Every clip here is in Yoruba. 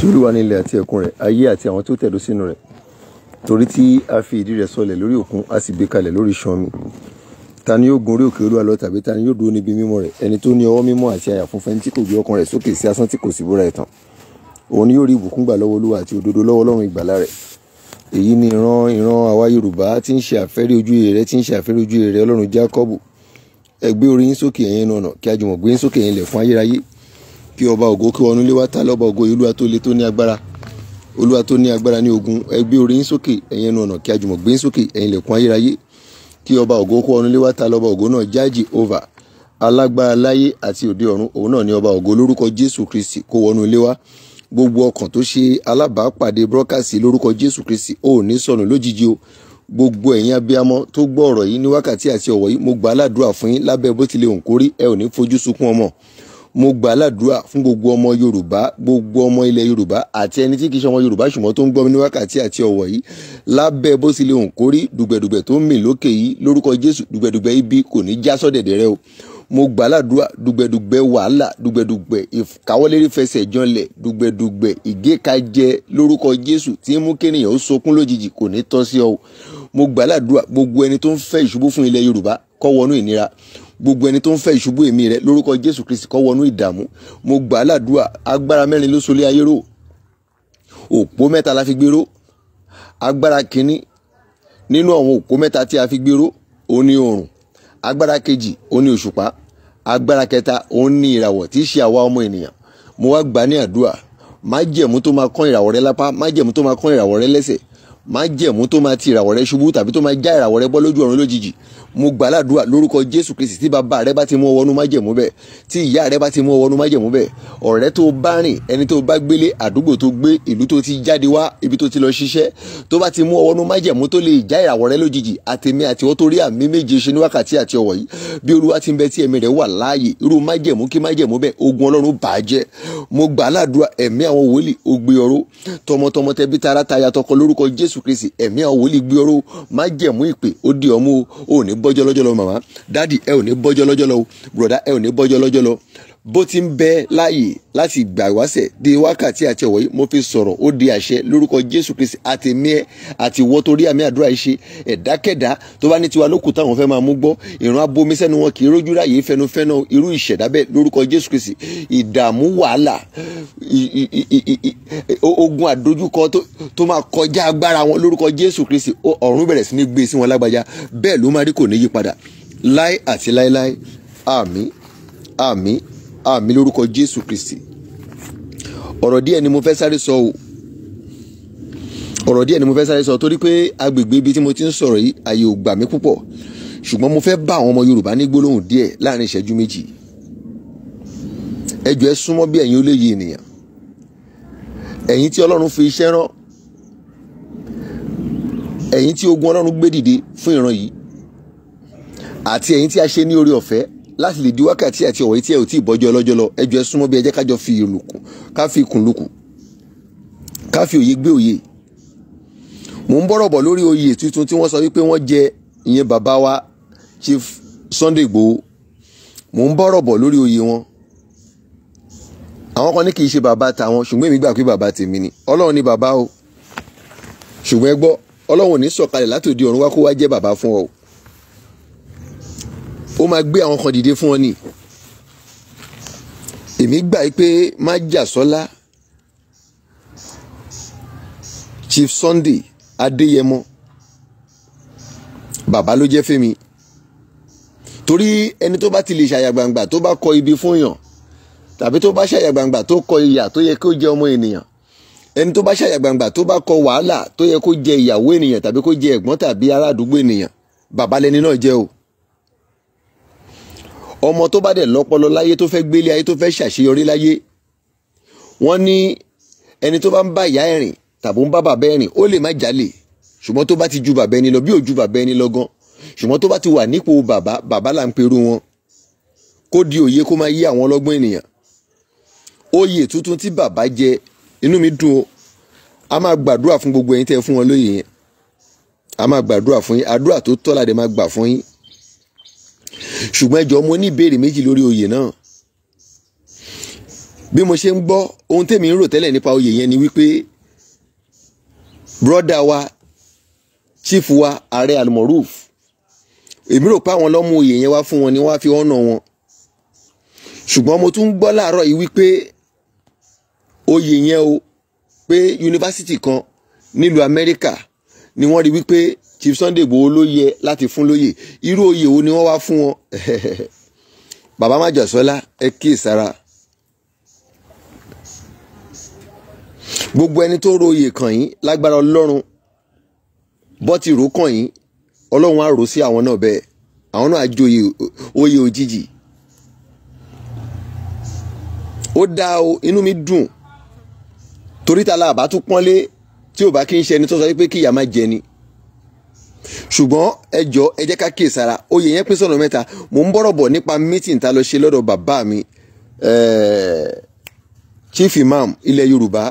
tí olúwa ní ilẹ̀ àti ẹ̀kún rẹ̀ ayé àti àwọn tó tẹ̀dó sínú rẹ̀ torí tí a fi ìdí rẹ̀ sọlẹ̀ lórí òkun a sì gbé kalẹ̀ lórí iṣan omi ta ni yóò gun orí òkè olúwa lọ tàbí ta ni yóò dúró níbi mímọ́ rẹ̀ ẹni tó ní ọwọ́ mímọ́ àti àyà funfun ẹni tí kò gbé ọkàn rẹ̀ sókè sí asán tí kò sì búra ẹ̀tàn òun ni yóò rí ìbùkún gbà lọ́wọ́ olúwa àti òdodo lọ́wọ́ ọlọ́run ìgbàlà rẹ̀ èyí ni ìran ìran àwa yorùbá tí ń ṣe àfẹ́rí ojú rere tí ń ṣe àfẹ́rí ojú rere ọlọ́run jákọ́bù ẹ orí yín sókè ẹ̀yin ọ̀nà kí a yín sókè ẹ̀yin ilẹ̀ fún ayérayé kí ọba ògo kí wọnú ilé wa ta lọ́ba ògo olúwa tó le tó ní agbára olúwa tó ní agbára ní ogun ẹ gbé orí yín sókè ẹ̀yin ẹnu ọ̀nà kí àjùmọ̀ gbé sókè ẹ̀yin ilẹ̀kùn ayérayé kí ọba ògo kí wọnú ilé wa ta lọ́ba ògo náà jáàjì over alágbára láyé àti òde ọ̀run òun náà ní ọba ògo lórúkọ jésù kristi kó wọnú ilé wa gbogbo ọkàn tó ṣe alábàápàdé brọ́kàsì lórúkọ jésù kristi ò ní sọnù lójijì o gbogbo ẹ̀yin abiyamọ tó gbọ́ ọ̀rọ̀ yìí ní wákàtí àti ọ̀wọ̀ yìí mo gbà á ládùúrà fún yín lábẹ́ bó tilẹ̀ òǹkórí ẹ ò ní fojú sunkún ọmọ mo gbà ládùúrà fún gbogbo ọmọ yorùbá gbogbo ọmọ ilẹ̀ yorùbá àti ẹni tí kì í ṣe ọmọ yorùbá ṣùgbọ́n tó ń gbọ́ mi ní wákàtí àti ọ̀wọ̀ yìí lábẹ́ bó sì lè hùn kórí dùgbẹ̀dùgbẹ̀ tó ń mì lókè yìí lórúkọ jésù dùgbẹ̀dùgbẹ̀ ibi kò ní já sọ́dẹ̀dẹ̀ rẹ o mo gbà ládùúrà dùgbẹ̀dùgbẹ̀ wàhálà dùgbẹ̀dùgbẹ̀ ìkáwọ́lérí fẹsẹ̀ janlẹ̀ dùgbẹ̀dùgbẹ̀ ìgékajẹ lórúkọ jésù tí ń mú kéèyàn ó sọkún lójijì kò ní tọ́ sí ọ mo gbà ládùúrà gbogbo ẹni tó ń fẹ́ ìṣubú fún ilẹ̀ yorùbá kó wọnú ìnira gbogbo ẹni tó ń fẹ́ ìṣubú èmi rẹ lórúkọ jésù kristi kó wọnú ìdààmú mo gbà á ládùúà agbára mẹ́rin ló solé ayé òpó mẹ́ta la fi gbéró agbára kínní nínú àwọn òpó mẹ́ta tí a fi gbéró òun ni oòrùn agbára kejì òun ni òṣùpá agbára kẹta òun ni ìràwọ̀ tí í ṣe àwa ọmọ ènìyàn mo wá gbà ní àdúrà májẹ̀mú tó máa kán ìràwọ̀ rẹ lápá májẹ̀mú tó máa kán ìràwọ̀ rẹ lẹ́sẹ̀ májẹ̀mú tó máa ti ìràwọ̀ rẹ ṣubú tàbí tó máa já ìràwọ̀ rẹ bọ́ lójú ọ̀run lójijì mo gbà ládùúrà lórúkọ jésù kristi tí bàbá rẹ bá ti mú ọ wọnú májẹ̀mú bẹ́ẹ̀ tí ìyá rẹ bá ti mú ọ wọnú májẹ̀mú bẹ́ẹ̀ ọ̀rẹ́ tó bá rìn ẹni tó bá gbélé àdúgbò tó gbé ìlú tó ti jáde wá ibi tó ti lọ ṣiṣẹ́ tó bá ti mú ọ wọnú májẹ̀mú tó lè já ìràwọ̀ rẹ lójijì àtẹ̀mí àti tó rí àmì méje ṣe ní wákàtí àti ọwọ́ yìí bí olúwa ti ń bẹ tí ẹ̀mí rẹ wà láàyè irú májẹ̀mú kí májẹ̀mú bẹ́ẹ̀ kristi ẹ̀mí àwọn wòlíì gbé ọró májẹ̀mú ìpè bọ́jọ́ lọ́jọ́ lọ màmá dáàdì ẹ ò ní bọ́jọ́ lọ́jọ́ lọ brọ̀dá ẹ ò ní bọ́jọ́ bó ti ń bẹ láàyè láti ìgbà ìwáṣẹ̀ di wákàtí àti ọ̀wọ́ yìí mo fi sọ̀rọ̀ ó di àṣẹ lórúkọ jésù kristi àti mí ẹ àti ìwọ torí àmì àdúrà yìí ṣe ẹ̀dákẹ́dá tó bá ní tiwa lókùn táwọn fẹ́ máa mú gbọ́ ìran abomisẹ́nu wọn kì í rójú ráàyè fẹnufẹ́nà irú ìṣẹ̀dá bẹ́ẹ̀ lórúkọ jésù kristi ìdààmú wàhálà ogun àdójúkọ tó máa kọjá agbára wọn lórúkọ jésù kristi ọ̀run bẹ̀rẹ̀ sí ní gbé e sí wọn lágbájá bẹ́ẹ̀ ló máa rí kò ní yípadà láé àti láéláé àmín àmín àmì lórúkọ jésù kristi ọ̀rọ̀ díẹ̀ ni mo fẹ́ sáré sọ o ọ̀rọ̀ díẹ̀ ni mo fẹ́ sáré sọ torí pé agbègbè ibi tí mo ti ń sọ̀rọ̀ yìí àyè ò gbà mí púpọ̀ ṣùgbọ́n mo fẹ́ bá àwọn ọmọ yorùbá ní gbólóhùn díẹ̀ láàrin ìṣẹ́jú méjì ẹ jọ̀ọ́ ẹ súnmọ́ bí ẹ̀yin ó lè yé ènìyàn ẹ̀yin tí ọlọ́run fi iṣẹ́ rán ẹ̀yin tí ogun ọlọ́run gbé dìde fún ìran yìí àti ẹ̀yin tí a ṣe ní orí ọ̀fẹ́ láti lè di wákàtí àti ọ̀wẹ́ tí ẹ ò tí ì bọ́jọ́ ọlọ́jọ́ lọ ẹjọ́ ẹ súnmọ́ bí ẹ jẹ́ kájọ fi ìlùkùn ká fi ìkùn lùkùn ká fi òye gbé òye mò ń bọ̀rọ̀ bọ̀ lórí oyè tuntun tí wọ́n sọ wípé wọ́n jẹ ìyẹn bàbá wa Chief Sunday Igboho mò ń bọ̀rọ̀ bọ̀ lórí oyè wọn àwọn kan ní kì í ṣe bàbá tàwọn ṣùgbọ́n èmi gbà pé bàbá tèmi ni ọlọ́run ni bàbá o ṣùgbọ́n ó máa gbé àwọn kan dìde fún ọ ni èmi gbà yí pé májàsọ́lá Chief Sunday Adéyẹmọ bàbá ló jẹ́ fẹ́mi torí ẹni tó bá ti lè ṣàyà gbangba tó bá kọ ibi fún yàn tàbí tó bá ṣàyà gbangba tó kọ ìyà tó yẹ kó jẹ ọmọ ènìyàn ẹni tó bá ṣàyà gbangba tó bá kọ wàhálà tó yẹ kó jẹ ìyàwó ènìyàn tàbí kó jẹ ẹ̀gbọ́n tàbí ará ènìyàn bàbá lẹni náà jẹ́ o ọmọ tó bá dẹ̀ lọ́pọlọ láyé tó fẹ́ gbélé ayé tó fẹ́ ṣàṣeyọrí láyé wọ́n ní ẹni tó bá ń bá ìyá ẹ̀ rìn tàbí ń bá bàbá ẹ̀ rìn ó lè má jálè ṣùgbọ́n tó bá ti ju bàbá ẹni lọ bí ò ju bàbá ẹni lọ gan ṣùgbọ́n tó bá ti wà nípò bàbá bàbá là ń perú wọn kó di òye kó máa yí àwọn ọlọ́gbọ́n ènìyàn oyè tuntun tí bàbá jẹ inú mi dùn a máa gbàdúrà fún gbogbo ẹ̀yin tẹ́ fún wọn lóye yẹn a máa gbàdúrà fún yín àdúrà tó tọ́ la dẹ̀ máa gbà fún yín ṣùgbọ́n ẹjọ́ mo ní ìbéèrè méjì lórí oyè náà bí mo ṣe ń gbọ́ ohun tèmi ń rò tẹ́lẹ̀ nípa oyè yẹn ni wípé brọ́dà wa chief wa ààrẹ almoruf èmi rò pé àwọn lọ́mú oyè yẹn wá fún wọn ni wọ́n á fi ọ̀nà wọn ṣùgbọ́n mo tún ń gbọ́ láàárọ̀ yìí wípé oyè yẹn o pé yunifásitì kan nílùú amẹ́ríkà ni wọ́n rí wípé Chief Sunday Igboho ló yẹ láti fún lóyè irú oyè wo ni wọ́n wá fún wọn bàbá májàsọ́lá ẹ kíyèsára gbogbo ẹni tó ro oyè kàn yín lágbára ọlọ́run bọ́tì rò kàn yín ọlọ́run á rò sí àwọn náà bẹ́ẹ̀ àwọn náà á joyè oyè òjijì ó dá o inú mi dùn torí ta tí ò bá kí n ṣe ẹni tó sọ pé kí ìyá má jẹ ni ṣùgbọ́n ẹ jọ ẹ jẹ́ ká kíyè sára oyè yẹn pín sọ̀nà mẹ́ta mò ń bọ̀rọ̀ bọ̀ nípa mítìn tá lọ ṣe lọ́dọ̀ bàbá mi eh, chief imam ilẹ̀ yorùbá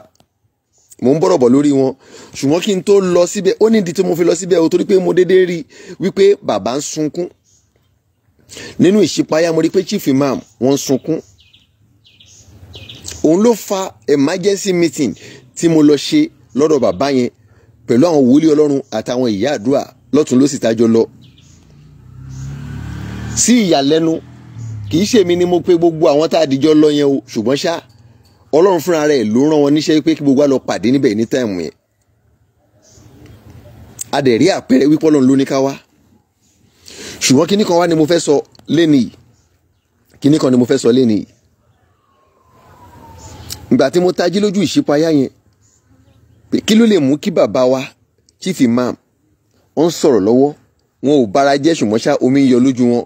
mò ń bọ̀rọ̀ bọ̀ lórí wọn ṣùgbọ́n kí n tó lọ síbẹ̀ ó ní ìdí tí mo fi lọ síbẹ̀ o torí pé mo déédéé rí wípé bàbá ń sunkún nínú ìṣípayá mo rí pé chief imam wọ́n ń sunkún òun ló fa emergency meeting tí mo lọ ṣe lọ́dọ̀ bàbá yẹn pẹ̀lú àwọn wòlíì ọlọ́run àtàwọn ìyá àdúrà lọ́tún ló sì tájọ lọ sí ìyàlẹ́nu kì í ṣèmi ni mo pe gbogbo àwọn tá a dìjọ lọ yẹn o ṣùgbọ́n ṣá ọlọ́run fúnra rẹ̀ ló rán wọn níṣẹ́ pé kí gbogbo wa lọ pàdé níbẹ̀ ní táìmù yẹn a dẹ̀ rí àpẹẹrẹ wípé ọlọ́run ló ní ká wá ṣùgbọ́n kíní kan wá ni mo fẹ́ sọ lẹ́nu yìí kíní kan ni mo fẹ́ sọ lẹ́nu yìí ìgbà tí mo tají lójú ìṣípayá yẹn kí ló lè mú kí bàbá wa chief imam ó ń sọ̀rọ̀ lọ́wọ́ wọn ò bára jẹ́ ṣùgbọ́n ṣá omi ń yọ lójú wọn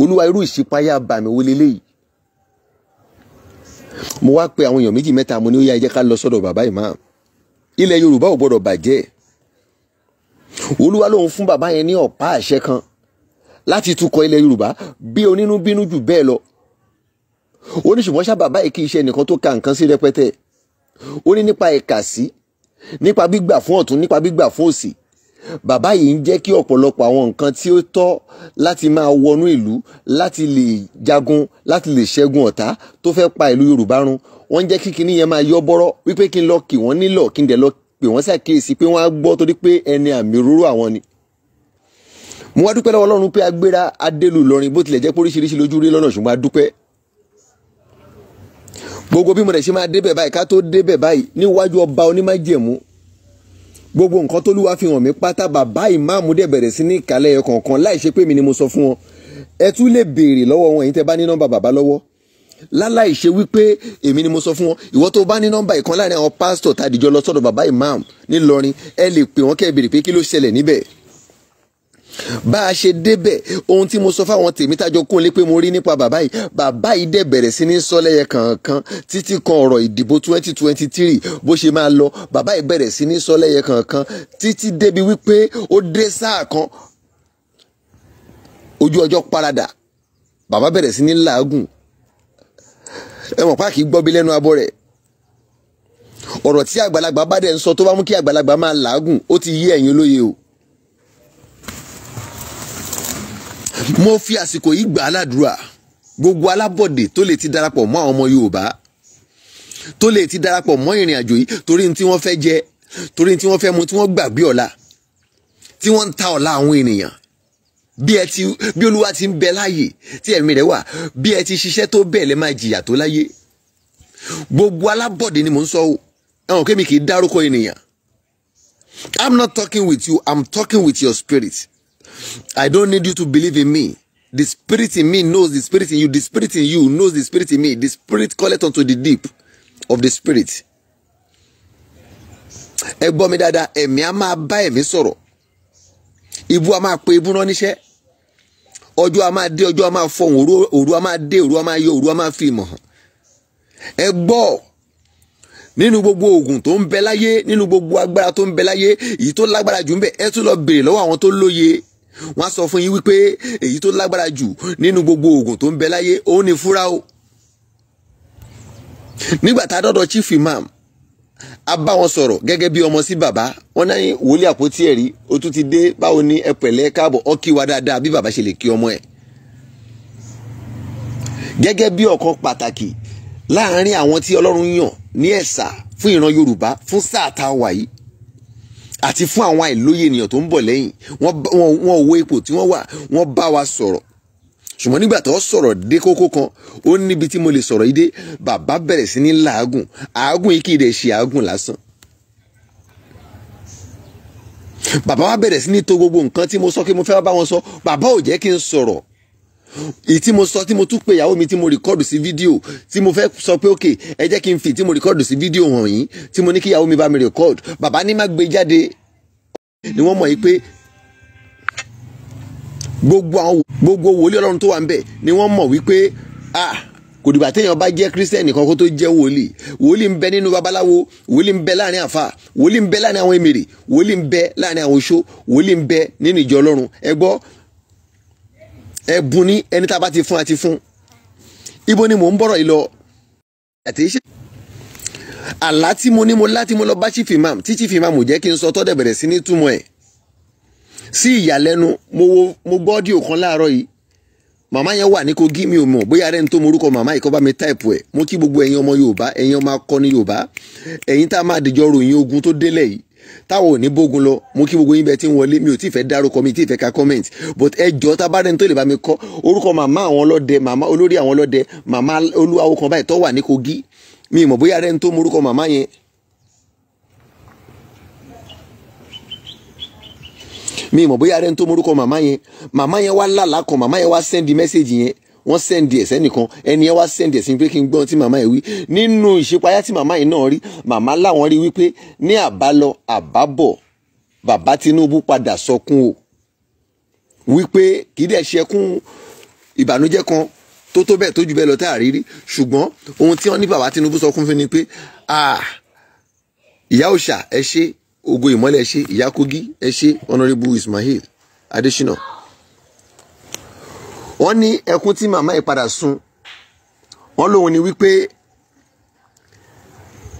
olúwa irú ìṣípayá bà mí wọlé léyìí mo wá pe àwọn èèyàn méjì mẹ́ta mo ní ó yá ẹ jẹ́ ká lọ sọ́dọ̀ bàbá ìmáà ilẹ̀ yorùbá ò gbọ́dọ̀ bàjẹ́ olúwa lòun fún bàbá yẹn ní ọ̀pá àṣẹ kan láti tukọ̀ ilẹ̀ yorùbá bí onínú bínú jù bẹ́ẹ̀ lọ ó ní ṣùgbọ́n ṣá bàbá yìí kì í ṣe ẹnìkan tó ka nǹkan sí rẹpẹtẹ ó ní nípa ẹ̀ka sí nípa gbígbà fún ọ̀tún nípa gbígbà fún òsì bàbá yìí ń jẹ́ kí ọ̀pọ̀lọpọ̀ àwọn nǹkan tí ó tọ́ láti máa wọnú ìlú láti lè jagun láti lè ṣẹ́gun ọ̀tá tó fẹ́ pa ìlú Yorùbá run wọ́n ń jẹ́ kí kinní yẹn máa yọ bọ́rọ́ wípé kí n lọ kì wọ́n nílọ̀ kí n dẹ̀ lọ pè wọ́n ṣàkíyèsí pé wọ́n á gbọ́ torí pé ẹni àmì òróró àwọn ni. mo wá dúpẹ́ lọ́wọ́ Ọlọ́run pé agbéra adélu lọ́rin bó tilẹ̀ jẹ́ pé oríṣiríṣi lójú rí lọ́nà ṣùgbọ́n a dúpẹ́ gbogbo bí mo dẹ̀ ṣe máa débẹ̀ báyìí ká tó débẹ̀ báyìí níwájú ọba onímájẹ̀mú gbogbo nǹkan t'Olúwa fi hàn mí pátá bàbá ìmáàmù dẹ̀ bẹ̀rẹ̀ sí ní ìkàlẹ̀ ẹ̀yọ kọ̀ọ̀kan láì ṣe pé mi ni mo sọ fún wọn ẹ tún lè béèrè lọ́wọ́ wọn èyí tẹ́ bá ní nọ́mbà bàbá lọ́wọ́ láláì ṣe wípé èmi ni mo sọ fún wọn ìwọ tó bá ní nọ́mbà ìkan láàrin àwọn pásítọ̀ tàdíjọ lọ bàbá ìmáàmù nílọrin ẹ lè pè wọ́n kẹ́ béèrè pé kí ló ṣẹlẹ̀ níbẹ̀ bá a ṣe débẹ̀ ohun tí mo sọ fáwọn tèmi tájọ kún un lé pé mo rí nípa bàbá yìí bàbá yìí dẹ̀ bẹ̀rẹ̀ sí ní sọ lẹ́yẹ títí kan ọ̀rọ̀ ìdìbò twenty twenty three bó ṣe máa lọ bàbá yìí bẹ̀rẹ̀ sí ní sọ lẹ́yẹ títí débi wípé ó dé sáà kan ojú ọjọ́ paradà bàbá bẹ̀rẹ̀ sí ní làágùn ẹ mọ̀ páàkì gbọ́ bí lẹ́nu abọ́ rẹ̀ ọ̀rọ̀ tí àgbàlagbà bá dẹ̀ ń sọ tó bá mú kí àgbàlagbà máa làágùn ó ti yí ẹ̀yin olóye o mo fi àsìkò yìí gbà á ládùúrà gbogbo alábọ̀dé tó lè ti darapọ̀ mọ́ àwọn ọmọ Yorùbá tó lè ti darapọ̀ mọ́ ìrìn àjò yìí torí tí wọ́n fẹ́ jẹ torí tí wọ́n fẹ́ mu tí wọ́n gbàgbé ọ̀la tí wọ́n ń ta ọ̀la àwọn ènìyàn bí ẹ ti bí olúwa ti ń bẹ láàyè tí ẹ̀mí rẹ̀ wà bí ẹ ti ṣiṣẹ́ tó bẹ́ẹ̀ lẹ́ máa jìyà tó láyé gbogbo alábọ̀dé ni mò ń sọ o ẹ̀wọ̀n kémi kì í dárúkọ ènìyàn I'm not talking with you I'm talking with your spirit I don't need you to believe in me. The spirit in me knows the spirit in you. The spirit in you knows the spirit in me. The spirit calleth unto the deep of the spirit. Ẹ gbọ́ mi dáadáa, ẹ̀mí a máa bá ẹ̀mí sọ̀rọ̀. Ibú a máa pe ibú náà níṣẹ́. Ọjọ́ a máa dé, ọjọ́ a máa fọhùn, òru a máa dé, òru a máa yọ, òru a máa fi ìmọ̀ hàn. Ẹ gbọ́ nínú gbogbo oògùn tó ń bẹ láyé nínú gbogbo agbára tó ń bẹ láyé èyí tó lágbára jù ń bẹ ẹ tún lọ béèrè lọ́wọ́ àwọn tó lóye wọ́n á sọ fún yín wípé èyí tó lágbára jù nínú gbogbo oògùn tó ń bẹ láyé òun ni fúra o nígbà tá a dọ́dọ̀ chief imam a bá wọn sọ̀rọ̀ gẹ́gẹ́ bí ọmọ sí bàbá wọn náà wòlíì àpótí ẹ̀rí o tún ti dé báwo ni ẹ pẹ̀lẹ́ káàbọ̀ ọ kí wa dáadáa bí bàbá ṣe lè kí ọmọ ẹ̀ gẹ́gẹ́ bí ọ̀kan pàtàkì láàárín àwọn tí ọlọ́run yàn ní ẹ̀sà fún ìran yorùbá fún sáà tá a wà yìí àti fún àwọn àìlóye ènìyàn tó ń bọ̀ lẹ́yìn wọ́n wo ipò tí wọ́n wà wọ́n bá wa sọ̀rọ̀ ṣùgbọ́n nígbà tó sọ̀rọ̀ dé kókó kan ó níbi tí mo lè sọ̀rọ̀ yìí dé bàbá bẹ̀rẹ̀ sí ní làágùn àágùn yìí kì í dẹ̀ ṣe àágùn lásán bàbá wa bẹ̀rẹ̀ sí ní to gbogbo nǹkan tí mo sọ kí mo fẹ́ bá wọn sọ bàbá ò jẹ́ kí n sọ̀rọ̀ èyí tí mo sọ tí mo tún pe ìyàwó mi tí mo rìkọ́dù sí fídíò tí mo fẹ́ sọ pé ok ẹ jẹ́ kí n fi tí mo rìkọ́dù sí fídíò hàn yín tí mo ní kí ìyàwó mi bá mi rìkọ́dù bàbá ní má gbé jáde ni wọ́n mọ̀ yìí pé gbogbo àwọn gbogbo wòlíì ọlọ́run tó wà ń bẹ̀ ni wọ́n mọ̀ wípé ah kò dìgbà téèyàn bá jẹ́ kírísítẹ́nì kan kó tó jẹ́ wòlíì wòlíì ń bẹ nínú babaláwo wòlíì ń bẹ láàrin àfa wòlíì ń bẹ láàrin àwọn èmèrè wòlíì ń bẹ láàrin àwọn oṣó wòlíì ń bẹ nínú ìjọ ọlọ́run ẹ gbọ́ ẹ̀bùn ni ẹni tá a bá ti fún a ti fún ibo ni mò ń bọ̀rọ̀ yìí àlá tí mo ní mo láti mo lọ bá chief imam tí chief imam ò jẹ́ kí n sọ tọ́dẹ̀ bẹ̀rẹ̀ sí ní túmọ̀ ẹ̀ sí ìyàlẹ́nu mo wo mo gbọ́ ọ́díò kan láàárọ̀ yìí màmá yẹn wà ní Kogi mi ò mọ̀ bóyá rẹ̀ tó morúkọ màmá yìí kọ́ bá mi táìpù ẹ̀ mo kí gbogbo ẹ̀yin ọmọ Yorùbá ẹ̀yin ọmọ akọni Yorùbá ẹ̀yin tá a máa dìjọ ròyìn ogun tó délẹ̀ yìí táwọn ò ní bógun lọ mo kí gbogbo yín bẹ tí ń wọlé mi ò tí ì fẹ́ dárúkọ mi tí ì fẹ́ ka comment but ẹ jọ tábàdàn tó lè bá mi kọ orúkọ màmá àwọn ọlọ́dẹ màmá olórí àwọn ọlọ́dẹ màmá olúwawo kan báyìí tó wà ní Kogi mi ì mọ̀ bóyá rẹ́ni tó morúkọ màmá yẹn mi ì mọ̀ bóyá rẹ́ni tó morúkọ màmá yẹn màmá yẹn wá lálàá kan màmá yẹn wá send message yẹn wọ́n sẹ́ndì ẹ̀ sẹ́nìkan ẹni ẹ wá sẹ́ndì ẹ̀ sí pé kí n gbọ́n tí màmá yìí wí nínú ìṣípayá tí màmá yìí náà rí màmá láwọn rí wípé ní àbálọ àbábọ̀ bàbá Tinubu padà sọkún o wípé kì í dẹ̀ ṣẹkún ìbànújẹ́ kan tó tó bẹ́ẹ̀ tó jù bẹ́ẹ̀ lọ tá a rí rí ṣùgbọ́n ohun tí wọ́n ní bàbá Tinubu sọkún fún ni pé ìyá òòṣà ẹ ṣé ògo ìmọ́lẹ̀ ẹ ṣé ìyá kogi ẹ ṣé honourable Ismail Adesina wọ́n ní ẹkún tí màmá yìí padà sun wọ́n lóun ni wípé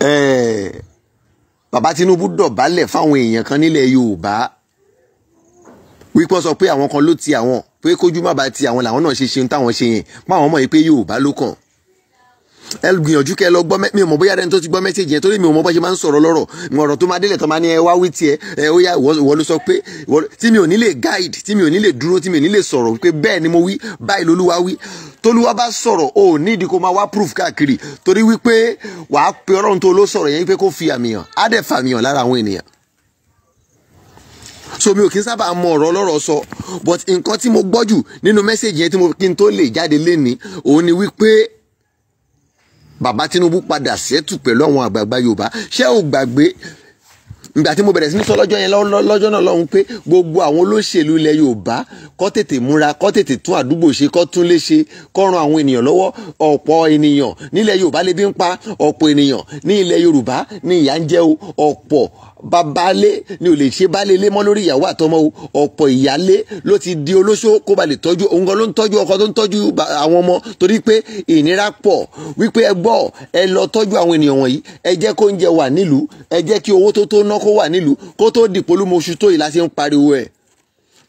eh, bàbá Tinubu dọ̀bálẹ̀ fáwọn èèyàn kan nílẹ̀ Yorùbá wípé wọ́n sọ pé àwọn kan ló ti àwọn pé kójú má ba ti àwọn làwọn náà ṣe ṣeun táwọn ṣe yẹn páwọn mọ̀ yìí pé Yorùbá ló kàn ẹ gbìyànjú kẹ lọ gbọ́ mi ò mọ̀ bóyá ẹni tó ti gbọ́ mẹ́sẹ̀jì yẹn torí mi ò mọ̀ bó ṣe máa ń sọ̀rọ̀ lọ́rọ̀ ọ̀rọ̀ tó máa délẹ̀ tó máa ní ẹ wá wí tiẹ̀ ẹ ó yá ìwọ ló sọ pé tí mi ò ní lè guide tí mi ò ní lè dúró tí mi ò ní lè sọ̀rọ̀ pé bẹ́ẹ̀ ni mo wí báyìí lolúwa wí tolúwa bá sọ̀rọ̀ o ní kó máa wá proof káàkiri torí wípé wàá pe ọlọ́run tó ló sọ̀rọ̀ yẹn wípé kó fi àmì hàn á dẹ̀ fàmì hàn lára àwọn ènìyàn so mi ò kí n sábà mọ ọ̀rọ̀ ọlọ́rọ̀ sọ but nǹkan tí mo gbọ́ jù nínú mẹ́sẹ̀gì yẹn tí mo kí n tó lè jáde lénìí òun ni wípé bàbá Tinubu padà sẹ́tù pẹ̀lú àwọn àgbààgbà Yorùbá ṣé ò gbàgbé ìgbà tí mo bẹ̀rẹ̀ sí ní sọ lọ́jọ́ yẹn lọ́jọ́ náà lọ́hùn pé gbogbo àwọn olóṣèlú ilẹ̀ Yorùbá kọ́ tètè múra kọ́ tètè tún àdúgbò ṣe kọ́ tún lé ṣe kọ́ ran àwọn ènìyàn lọ́wọ́ ọ̀pọ̀ ènìyàn nílẹ̀ Yorùbá lè bí ń pa ọ̀pọ̀ ènìyàn ní ilẹ̀ Yorùbá ní ìyà ń jẹ o ọ̀pọ̀ babalé ni ò lè ṣe baálé ilé mọ́ lórí ìyàwó àtọmọ o ọ̀pọ̀ ìyálé ló ti di olóṣó kó ba lè tọ́jú òun gan ló ń tọ́jú ọkọ tó ń tọ́jú àwọn ọmọ torí pé ìnira pọ̀ wípé ẹ gbọ́ ẹ lọ tọ́jú àwọn ènìyàn wọ̀nyí ẹ jẹ́ kó oúnjẹ wà nílùú ẹ jẹ́ kí owó tó tó ná kó wà nílùú kó tó dìpolúmọṣù tó yìí láti ń pariwo ẹ̀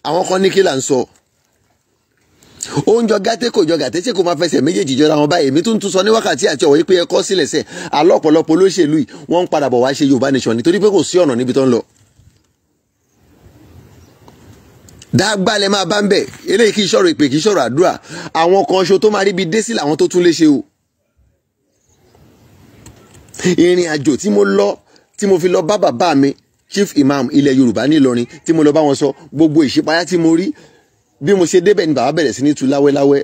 àwọn kan ní kí là ń sọ. So ó ń jọ gàtẹ́ kò jọ gàtẹ́ tí kò máa fẹsẹ̀ méjèèjì jọra wọn báyìí èmi tún tún sọ ní wákàtí àti ọ̀wọ́ yìí pé ẹ̀kọ́ sílẹ̀ sẹ̀ alọ́ ọ̀pọ̀lọpọ̀ olóṣèlú yìí wọ́n ń padà bọ̀ wá ṣe Yorùbá nation nítorí pé kò sí ọ̀nà níbi tó ń lọ. dágbálẹ̀ máa bá ń bẹ̀ eléyìí kì í ṣọ̀rọ̀ ìpè kì í ṣọ̀rọ̀ àdúrà àwọn kan ṣo tó máa ríbi dé sí làwọn tó tún lè ṣe o. ìrìn Chief Imam ilẹ̀ Yorùbá nílọrin tí mo lọ bá wọn sọ gbogbo bí mo ṣe débẹ̀ ni bàbá bẹ̀rẹ̀ sí ní tu láwẹ́láwẹ́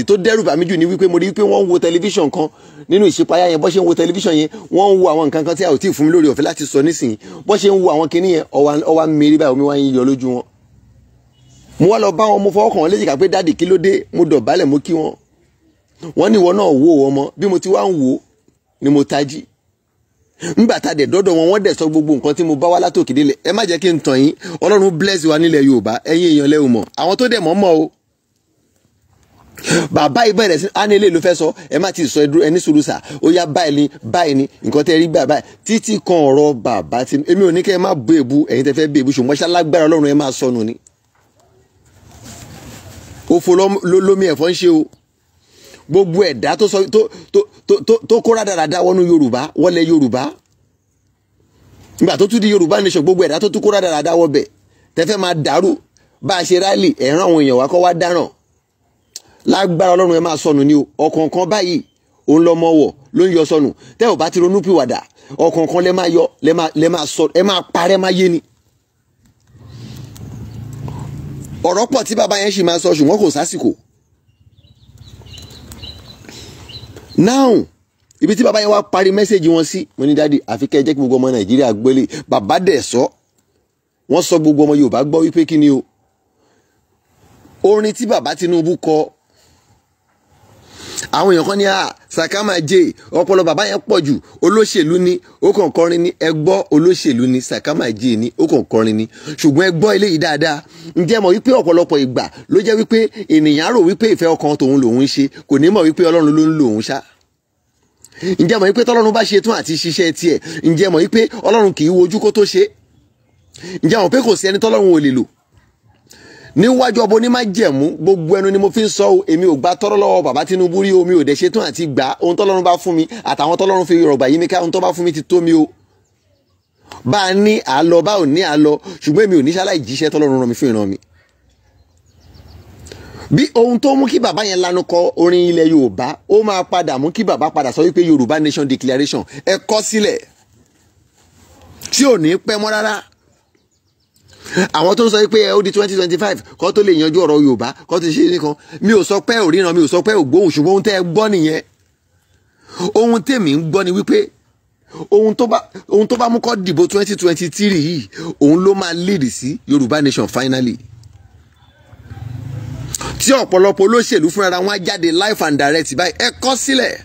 ìtò dẹ́rù bàmí jù ni wípé mo rí wípé wọ́n ń wo tẹlifíṣàn kan nínú ìṣípayá yẹn bó ṣe ń wo tẹlifíṣàn yẹn wọ́n ń wo àwọn nǹkan kan tí a ò tí ì fún mi lórí ọ̀fẹ́ láti sọ nísìnyí bó ṣe ń wo àwọn kinní yẹn ọwa ń mérí báyìí omi wá ń yọ lójú wọn. mo wá lọ bá wọn mo fọwọ́ kàn wọ́n léjìká pé dáàdì kí ló dé mo dọ̀bálẹ̀ mo kí wọn. wọ́n ní ìwọ náà wò wọ́n mọ́ bí mo ti wá ń wò ni mo tají ngbà tá a dẹ̀ dọ́dọ̀ wọn wọ́n dẹ̀ sọ gbogbo nǹkan tí mo bá wá látòkè délẹ̀ ẹ má jẹ́ kí n tàn yín ọlọ́run bless wa nílẹ̀ yorùbá ẹ̀yin èèyàn lẹ́wọ̀ mọ̀ àwọn tó dẹ̀ mọ̀ mọ̀ o bàbá yìí bẹ̀rẹ̀ sí àná ilé ló fẹ́ sọ ẹ má ti sọ ẹni sùúrù sà ó yá báyìí ni báyìí ni nǹkan tẹ́ rí gbà báyìí títí kan ọ̀rọ̀ bàbá tí èmi ò ní kẹ́ ẹ má bú èbú ẹ̀yin tẹ́ fẹ́ bú èbú ṣùgbọ́n ṣálágbára ọlọ́run ẹ má sọnù ni òfò lómi ẹ̀fọ́ ń ṣe o gbogbo ẹ̀dá tó sọ tó tó tó tó kóra dáradá wọnú yorùbá wọlé yorùbá nígbà tó tún di yorùbá nation gbogbo ẹ̀dá tó tún kóra dáradá wọbẹ̀ tẹ́fẹ́ máa dàrú bá a ṣe rálì ẹ̀ràn àwọn èèyàn wá kọ́ wá dáràn lágbára ọlọ́run ẹ máa sọnù ni o ọ̀kọ̀ọ̀kan báyìí òun lọ́mọ wọ̀ ló ń yọ sọnù tẹ́ ò bá ti ronú pìwàdà ọ̀kọ̀ọ̀kan lẹ́ máa yọ lẹ́ máa sọ ẹ máa parẹ́ máa yé ni. ọ̀rọ̀ pọ̀ tí bàbá yẹn sì máa sọ ṣùgbọ́n kò sásìkò now ibi tí bàbá yẹn wá parí mẹ́sẹ̀gì wọn sí mo ní dáàdi àfi kẹ́ ẹ jẹ́ kí gbogbo ọmọ nàìjíríà gbélé bàbá dẹ̀ sọ wọ́n sọ gbogbo ọmọ yorùbá gbọ́ wípé kí ni o orin tí bàbá Tinubu kọ àwọn èèyàn kan ní à ah, sakama j ọpọlọ bàbá yẹn pọ̀ jù olóṣèlú ni ó kàn kọrin ni ẹ gbọ́ olóṣèlú ni sakama j ni ó kàn kọrin ni ṣùgbọ́n ẹ gbọ́ eléyìí dáadáa ǹjẹ́ mọ̀ wípé ọ̀pọ̀lọpọ̀ ìgbà ló jẹ́ wípé ènìyàn rò wípé ìfẹ́ ọkàn tòun lòun ń ṣe kò ní mọ̀ wípé ọlọ́run ló ń lò òun ṣá ǹjẹ́ mọ̀ wípé tọ́lọ́run bá ṣe tún àti ṣiṣẹ́ tiẹ̀ ǹjẹ́ mọ̀ wípé ọlọ́run kì í wojú kó tó ṣe ǹjẹ́ mọ̀ pé kò sí ẹni tọ́lọ́run ò lè lò níwájú ọbọ onímájẹ̀mú gbogbo ẹnu ni mo fi ń sọ o èmi ò gba tọrọ lọ́wọ́ bàbá Tinubu rí omi ò dẹ ṣetán àti gbà ohun tọ́lọ́run bá fún mi àtàwọn tọ́lọ́run fi rọgbà yí mi ká ohun tó bá fún mi ti tó mi o bá a ní àlọ bá ò ní àlọ ṣùgbọ́n èmi ò ní ṣaláì jíṣẹ́ tọ́lọ́run rán mi fún ìran mi. bí ohun tó mú kí bàbá yẹn lanu kọ orin ilẹ̀ Yorùbá ó máa padà mú kí bàbá padà sọ wípé Yorùbá Nation Declaration ẹ kọ sílẹ̀ tí ò ní pẹ́ mọ́ rárá àwọn tó ń sọ pé ó di twenty twenty five kó tó lè yanjú ọ̀rọ̀ Yorùbá kó tó ṣe nìkan mi ò sọ pé ò ríran mi ò sọ pé ò gbóhùn ṣùgbọ́n ohun tẹ́ ẹ gbọ́ nìyẹn ohun tèmi ń gbọ́ ni wípé ohun tó bá ohun tó bá mú kó dìbò twenty twenty three yìí òun ló máa lead sí Yorùbá nation finally tí ọ̀pọ̀lọpọ̀ olóṣèlú fúnra wọn á jáde life and direct báyìí ẹ kọ́ sílẹ̀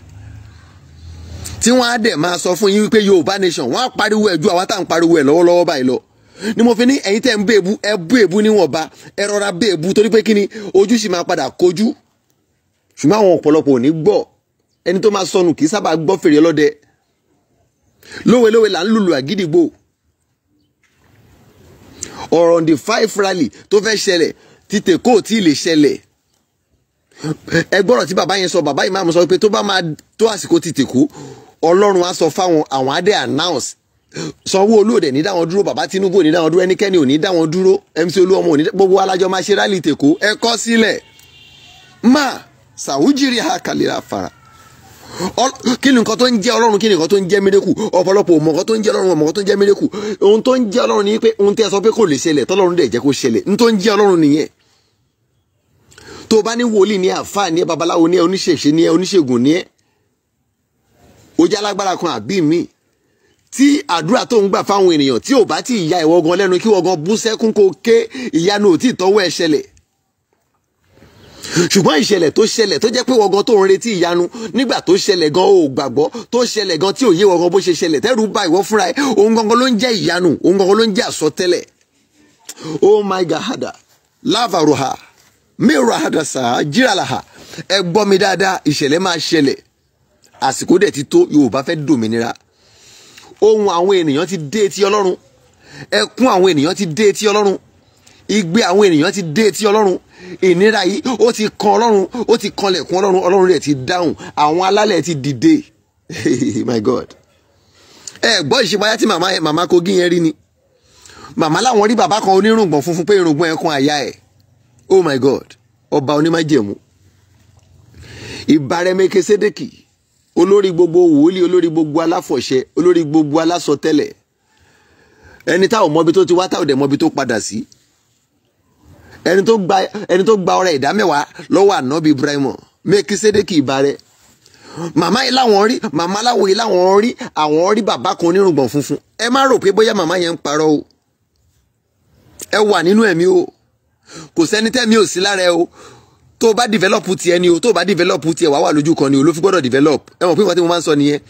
tí wọ́n á dẹ̀ máa sọ fún yín wípé Yorùbá nation wọ́n á pariwo ẹ̀ ju àwa tá à ń pariwo ẹ̀ lọ́wọ́lọ́wọ́ báyìí lọ ni mo fi ní ẹ̀yin tẹ́ ń bú èbú ẹ bú èbú níwọ̀nba ẹ rọra bú èbú torí pé kíni ojú sì máa padà kojú ṣùgbọ́n àwọn ọ̀pọ̀lọpọ̀ ò ní gbọ́ ẹni tó máa sọnù kì í sábà gbọ́ fèrè ọlọ́dẹ lówelówe là ń lùlù àgídìgbò ọ̀rọ̀ the five rally tó fẹ́ ṣẹlẹ̀ ti tèkó tí ì lè ṣẹlẹ̀ ẹ gbọ́rọ̀ tí bàbá yẹn sọ bàbá yìí máa mú sọ pé tó bá máa tó àsìkò ti tèkó ọlọ́run á sọ fáwọn àwọn adé announce Sanwó-Olú ò dẹ̀ ní dáwọn dúró bàbá Tinubu ò ní dáwọn dúró ẹnikẹ́ni ò ní dáwọn dúró MC Olúọmọ ò ní gbogbo alájọ máa ṣe rálì tèkó ẹ kọ́ sílẹ̀ má sàwùjírí ha kàlíra fara kí ni nǹkan tó ń jẹ́ ọlọ́run kí ni nǹkan tó ń jẹ́ mẹ́rẹ́kù ọ̀pọ̀lọpọ̀ ò mọ̀ nǹkan tó ń jẹ́ ọlọ́run ò mọ̀ nǹkan tó ń jẹ́ mẹ́rẹ́kù ohun tó ń jẹ́ ọlọ́run ni pé ohun tí ẹ sọ pé kò lè ṣẹlẹ̀ tọ́lọ́run dẹ̀ jẹ́ kó ṣẹlẹ̀ ohun tó ń jẹ́ ọlọ́run nìyẹn tó bá ní wòlíì ní àfáà ní babaláwo ní oníṣẹ̀ṣe ní oníṣègùn ní ẹ ó alágbára kan àbí míì tí àdúrà tó ń gbà fáwọn ènìyàn tí ò bá tí ìyá ìwọ gan lẹ́nu kí wọ́n gan bú sẹ́kún kó ké ìyanu ò tí ìtọ́wọ́ ẹ̀ ṣẹlẹ̀ ṣùgbọ́n ìṣẹ̀lẹ̀ tó ṣẹlẹ̀ tó jẹ́ pé wọ́n gan tó ń retí ìyanu nígbà tó ṣẹlẹ̀ gan ò gbàgbọ́ tó ṣẹlẹ̀ gan tí ò yé wọ́n gan bó ṣe ṣẹlẹ̀ tẹ́rù bà ìwọ fúnra ẹ̀ òun gangan ló ń jẹ́ ìyanu òun gangan ló ń jẹ́ àsọtẹ́lẹ̀ oh my gahada lavaroha mirahadasa jiralaha ẹ gbọ́ mi dáadáa ìṣẹ̀lẹ̀ máa ṣẹlẹ̀ àsìkò dẹ̀ ti tó Yorùbá fẹ́ dòmìnira ohun àwọn ènìyàn ti dé etí ọlọ́run ẹkún àwọn ènìyàn ti dé etí ọlọ́run igbe àwọn ènìyàn ti dé etí ọlọ́run ìnira yìí ó ti kan ọlọ́run ó ti kanlẹ̀kùn ọlọ́run ọlọ́run rẹ̀ ti dáhùn àwọn alálẹ̀ ti dìde my god ẹ gbọ́ ìṣèpáyà tí màmá màmá Kogi yẹn rí ni màmá láwọn rí bàbá kan onírùngbọ̀n funfun pé irùngbọ̀n ẹ̀kan àyà ẹ̀ oh my god ọba onímájẹ̀mú ìbárẹ̀mẹkẹsẹ́dẹ́kì olórí gbogbo wòlíì olórí gbogbo aláfọ̀ṣẹ olórí gbogbo alásọtẹ́lẹ̀ ẹni táwọn mọbi tó ti wá táwọn dẹ̀ mọbi tó padà sí ẹni tó gba ẹni tó gba ọrẹ ìdámẹ́wàá lọ́wọ́ ànábì Ibrahim Mẹ́kísédékì ìbàrẹ̀ màmá yìí láwọn rí màmá láwọn yìí láwọn rí àwọn rí bàbá kan onírùngbọ̀n funfun ẹ má rò pé bóyá màmá yẹn ń parọ́ o ẹ wà nínú ẹ̀mí o kò sẹ́ni tẹ́mi ò sí lára ẹ o tó o bá develop tiẹ̀ ni o tó o bá develop tiẹ̀ wàá wà lójú kan ni o ló fi develop ẹ mọ̀ pé nǹkan tí mo máa ń sọ nìyẹn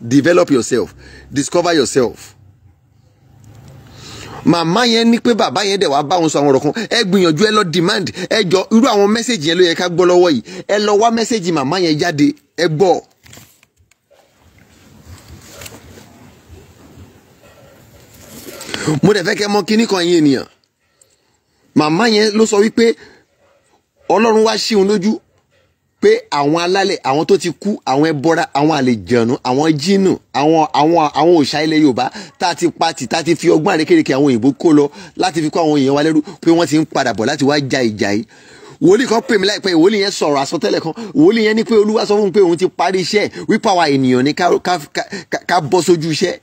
develop yourself discover yourself. màmá yẹn ní pé bàbá yẹn dẹ̀ wá bá wọn sọ àwọn ọ̀rọ̀ kan ẹ gbìyànjú ẹ lọ demand ẹ jọ irú àwọn mẹ́sẹ̀gì yẹn ló yẹ ká gbọ́ lọ́wọ́ yìí ẹ lọ wá mẹ́sẹ̀gì màmá yẹn jáde ẹ gbọ́. mo dẹ̀ fẹ́ kẹ́ mọ̀ kíní kan yín ènìyàn màmá yẹn ló sọ wípé ọlọ́run wá sí òun lójú pé àwọn alálẹ̀ àwọn tó ti kú àwọn ẹbọra àwọn àlejànú àwọn jínù àwọn àwọn àwọn òòṣà ilẹ̀ yorùbá tá a ti pa tì tá a ti fi ọgbọ́n àrékèrèké àwọn òyìnbó kó lọ láti fi kó àwọn èèyàn wa lẹ́rú pé wọ́n ti ń padà bọ̀ láti wá ja ìjà yìí wòlíì kan pè mí láìpẹ́ wòlíì yẹn sọ̀rọ̀ àsọtẹ́lẹ̀ kan wòlíì yẹn ní pé olúwa sọ fún mi pé òun ti parí iṣẹ́ wípé àwa ènìyàn ni ká bọ́ sójú iṣẹ́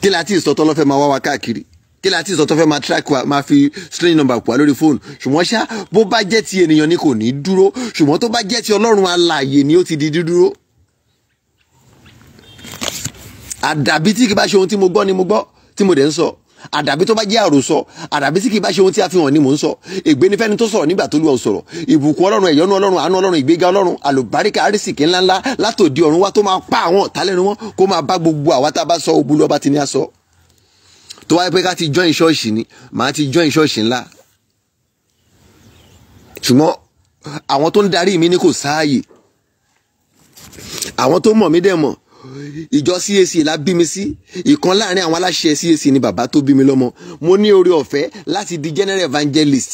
kí láti ìsọtọ́ lọ́fẹ́ máa wá wa káàkiri kí la ti sọ tó fẹ́ máa track wa máa fi string number pọ̀ lórí fóònù ṣùgbọ́n ṣá bó bá jẹ́ ti ènìyàn ni kò ní dúró ṣùgbọ́n tó bá jẹ́ ti ọlọ́run alààyè ni ó ti di dídúró. àdàbí tí kì bá ṣe ohun tí mo gbọ́ ni mo gbọ́ tí mo dẹ̀ ń sọ àdàbí tó bá jẹ́ àròsọ àdàbí tí kì bá ṣe ohun tí a fi hàn ni mò ń sọ ègbé ni fẹ́ni tó sọ̀rọ̀ nígbà tó lù ọ́ sọ̀rọ̀ ìbùkún ọlọ́run ẹ̀yọ́nú ọlọ́run àánú ọlọ́run ìgbéga ọlọ́run àlùbáríkà àrísìkí ńláńlá látòdì ọ̀run wá tó máa pa àwọn ọ̀tá lẹ́nu wọn kó máa bá gbogbo àwa tá a bá sọ òbúlọ́ba ti ní a sọ tó wáyé pé ká ti join ṣọ́ọ̀ṣì ni màá ti join ṣọ́ọ̀ṣì ńlá ṣùgbọ́n àwọn tó ń darí mi ní kò sáàyè àwọn tó mọ̀ mí dẹ̀ mọ̀ ìjọ CAC la bí mi sí ìkan láàrin àwọn aláṣẹ CAC ni bàbá tó bí mi lọ́mọ mo ní oore ọ̀fẹ́ láti di general evangelist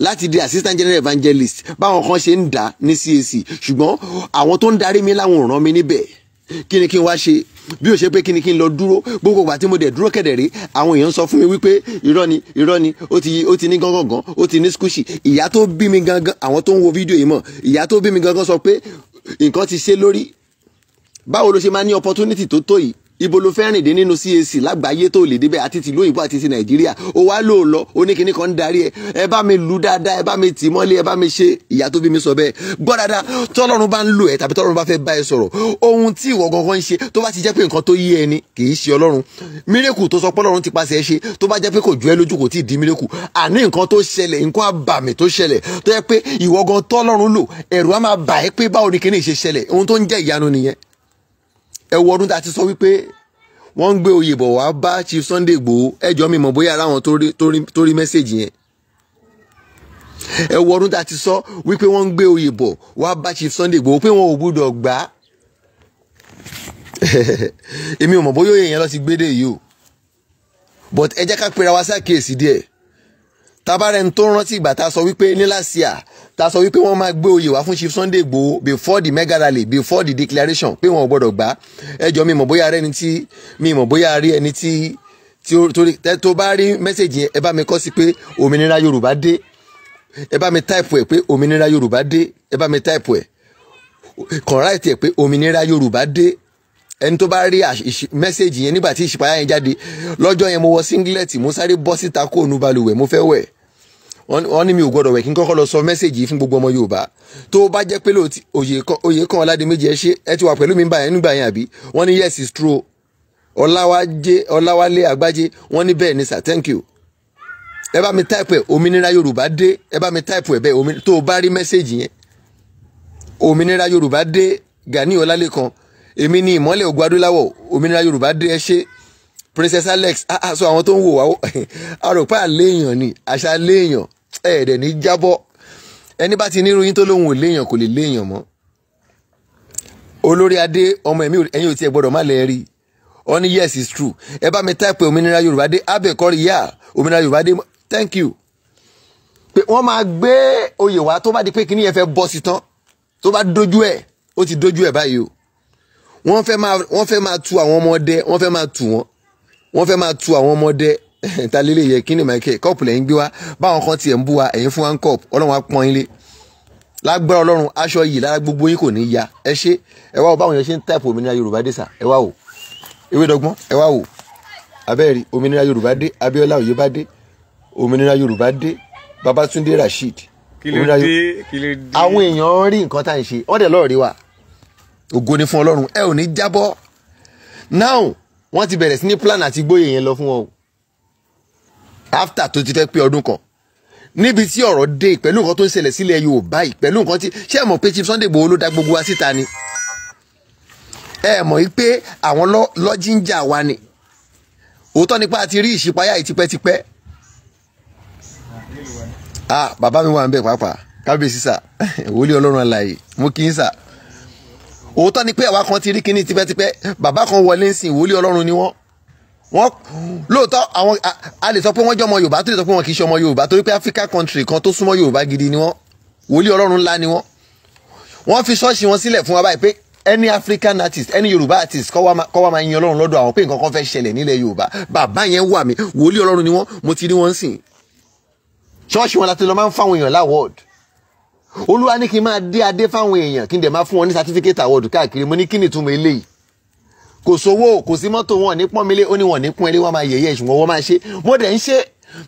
láti di assistant general evangelist báwọn kan ṣe ń dà ní CAC ṣùgbọ́n àwọn tó ń darí mi láwọn ò rán mi níbẹ̀ kí ni kí n wá ṣe bí o ṣe pé kíni kí n lọ dúró gbogbo ìgbà tí mo dẹ̀ dúró kẹ̀dẹ̀ rí àwọn èèyàn sọ fún mi wípé irọ́ ni irọ́ ni ó ti ó ti ní gangan ó ti ní skúṣì ìyá tó bí mi gangan àwọn tó ń wo fídíò yìí mọ̀ ìyá tó bí mi gangan sọ pé nǹkan ti ṣe lórí báwo ló ṣe máa ní opportunity tó tó yìí ibo ló fẹ́ rìn dé nínú CAC lágbàáyé tó lè débẹ̀ àti tìlú òyìnbó àti ti nàìjíríà ó wá lò ó lọ oníkìní kan ń darí ẹ ẹ bá mi lu dáadáa ẹ bá mi tì mọ́lé ẹ bá mi ṣe ìyá tó bí mi sọ bẹ́ẹ̀ gbọ́ dáadáa tọ́lọ́run bá ń lò ẹ tàbí tọ́lọ́run bá fẹ́ bá ẹ sọ̀rọ̀ ohun tí ìwọ gangan ń ṣe tó bá ti jẹ́ pé nǹkan tó yé ẹni kì í ṣe ọlọ́run mírèkù tó sọ pọ́lọ́run ti pàṣẹ ẹ ẹ wo ọdún tá a ti sọ wípé wọ́n ń gbé oyè bọ̀ wá bá Chief Sunday Igboho ẹjọ́ mi mọ̀ bóyá aráwọn tó rí mẹ́sẹ̀gì yẹn ẹ wo ọdún tá a ti sọ wípé wọ́n ń gbé oyè bọ̀ wá bá Chief Sunday Igboho pé wọn ò gbúdọ̀ gbà á èmi ò mọ̀ bóyá oyè yẹn lọ ti gbédè yìí o but ẹ jẹ́ ká pera wa ṣàkíyèsí díẹ̀ tabarẹ́ni tó rántí ìgbà tá a sọ wípé níláṣíà ta sọ wípé wọ́n máa gbé oyè wá fún Chief Sunday Igboho before the mega rally before the declaration pé wọn ò gbọ́dọ̀ gbà ẹjọ́ mi mọ̀ bóyá rẹ ni tí mi mọ̀ bóyá rí ẹni tí tó bá rí mẹ́sẹ̀gì yẹn ẹ bá mi kọ sí pé òmìnira Yorùbá dé ẹ bá mi táìpù ẹ pé òmìnira Yorùbá dé ẹ bá mi táìpù ẹ kàn ráìtì ẹ pé òmìnira Yorùbá dé ẹni tó bá rí mẹ́sẹ̀gì yẹn nígbà tí ìṣípayá yẹn jáde lọ́jọ́ yẹn mo wọ singlet mo sáré bọ́ síta kó ònú mo fẹ́ wẹ̀ wọ́n ní mi ò gbọ́dọ̀ wẹ̀ kí n kọ́kọ́ lọ sọ mẹ́sẹ̀gì fún gbogbo ọmọ Yorùbá tó bá jẹ́ pé òye kan Ọládìméjì ẹ ṣe ẹ ti wà pẹ̀lú mi ń bá yẹn nígbà yẹn àbí wọ́n ní yes is true Ọláwálé Àgbájé wọ́n ní bẹ́ẹ̀ ni sir thank you ẹ bá mi táìpù ẹ òmìnira Yorùbá dé ẹ bá mi táìpù ẹ bẹ́ẹ̀ tó o bá rí mẹ́sẹ̀gì yẹn òmìnira Yorùbá dé Gani Ọlálékan èmi ní ìmọ́lẹ̀ ògùn adúláwọ̀ òmìnira Yorùbá dé ẹ ṣe Princess Alex ah ah so àwọn tó ń wò wá a àléèyàn ni àṣà léèyàn ẹ̀ dẹ̀ ní jábọ́ ẹni bá ti nírú yín tó lóhùn ò léèyàn kò lè léèyàn mọ́ olórí adé ọmọ ẹ̀mí ẹ̀yìn òtí ẹ̀ gbọ́dọ̀ má lẹ́ẹ̀ rí ọ ní yes it's true ẹ bá mi táìpẹ́ òmìnira yorùbá dé abẹ́kọ́rí yá òmìnira yorùbá dé thank you pé wọ́n máa gbé oyè wá tó bá di pé kíní yẹn fẹ́ bọ́ sí tán tó bá dojú ẹ̀ ó ti dojú ẹ̀ báyìí o wọ́n fẹ́ máa tu àwọn ọmọdé wọ́n fẹ́ máa tu wọn wọ́n fẹ́ máa tu àwọn ọmọdé ta lélẹ̀ yẹ kí ni michael kọ́ọ̀pù lẹ́yìn gbé wa báwọn kan tiẹ̀ ń bú wa ẹ̀yin fún wa ń kọ́ọ̀pù ọlọ́run wa pọ́n yín lágbára ọlọ́run aṣọ yìí lára gbogbo yín kò ní ya ẹ ṣe ẹ wá wo báwọn yẹn ṣe ń táìpù òmìnira yorùbá dé sà ẹ wá wo ewé dọgbọ́n ẹ wá wo abẹ́rẹ́ òmìnira yorùbá dé abíọ́lá oyèbádé òmìnira yorùbá dé babatunde rasheed òmìnira yorùbá àwọn èèyàn rí nǹkan tá à ń ṣe wọ́n dẹ̀ lọ́ọ̀rí wa ògo ni fún ọlọ́run ẹ ò ní jábọ́ now wọ́n ti bẹ̀rẹ̀ sí ní plan àti gbóyè yẹn lọ fún wọn o after tó ti fẹ́ pé ọdún kan níbi tí ọ̀rọ̀ dé pẹ̀lú nǹkan tó ń ṣẹlẹ̀ sílẹ̀ Yorùbá yìí pẹ̀lú nǹkan tí ṣé ẹ mọ̀ pé Chief Sunday Igboho ló da gbogbo wa síta ni ẹ mọ̀ yìí pé àwọn lọ́jíńjà wa ni òótọ́ nípa àti rí ìṣípayá yìí tipẹ́tipẹ́ ah bàbá mi wà ń bẹ̀ pàápàá kábíyèsí sà wòlíì ọlọ́run àlàyé mo kì í sà òótọ́ ni pé àwa kan ti rí kinní tipẹ́tipẹ́ bàbá kan wọlé ń sìn wòlíì ọlọ́run ni wọ́n wọ́n lóòótọ́ àwọn a lè sọ pé wọ́n jẹ́ ọmọ yorùbá tó lè sọ pé wọ́n kì í ṣe ọmọ yorùbá torí pé áfíríkà kọ́ńtìrì kan tó súnmọ́ yorùbá gidi ni wọ́n wòlíì ọlọ́run ńlá ni wọ́n wọ́n fi ṣọ́ọ̀ṣì wọn sílẹ̀ fún wa báyìí pé any african artist any yorùbá artist kọ́ wa máa yin ọlọ́run lọ́dọ̀ àwọn pé nǹkan kan fẹ́ ṣẹlẹ̀ nílẹ̀ yorùbá bàbá yẹn wà mí wòlíì ọlọ́run ni wọ́n mo ti rí wọn sìn ṣọ́ọ̀ṣì wọn láti lọ máa ń fáwọn èèyàn láwọ́ọ̀d olúwa ní kí n máa dé adé fáwọn èèyàn kí n dẹ̀ máa fún wọn ní certificate award káàkiri mo ní kí ni ìtumọ̀ eléyìí kò sówó kò sí mọ́tò wọn ní pọ́nmilé ó ní wọn ní pọ́nmilé wọn máa yẹ̀yẹ́ ṣùgbọ́n wọ́n máa ṣe mo dẹ̀ ń ṣe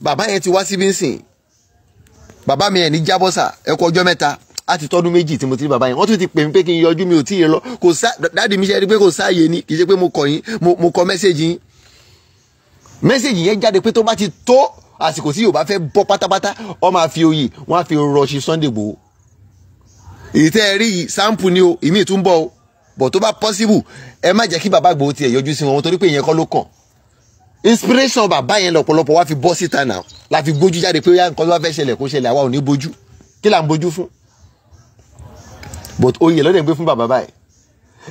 bàbá yẹn ti wá síbí ń sìn bàbá mi ẹ̀ ní jábọ́sà ẹ kú ọjọ́ mẹ́ta á ti tọ́dún méjì tí mo ti rí bàbá yẹn wọ́n tún ti pè mí pé kí n yọjú mi ò tí ì lọ kò sá dáàdi mi ṣe rí pé kò sáàyè ni kì í ṣe pé mo kọ yín mo kọ mẹ́sẹ̀gì yín mẹ́sẹ̀gì yẹn jáde pé tó bá ti tó àsìkò tí Yorùbá fẹ́ bọ́ pátápátá wọ́n máa fi oyè wọ́n á fi rọṣì Sunday Igboho èyí tẹ́ ẹ ni o ìmí ìtúnbọ̀ o bọ̀ tó bá possible ẹ má jẹ́ kí bàbá Ìgbòho tiẹ̀ yọjú sí wọn torí pé ìyẹn kọ́ ló kàn inspiration bàbá yẹn lọ́pọ̀lọpọ̀ wá fi bọ́ síta náà la fi gbójú jáde pé nǹkan tó bá fẹ́ ṣẹlẹ̀ kó ṣẹlẹ̀ àwa ò ní bójú kí là ń bójú fún but oyè lọ́dẹ̀ ń gbé fún bàbá báyìí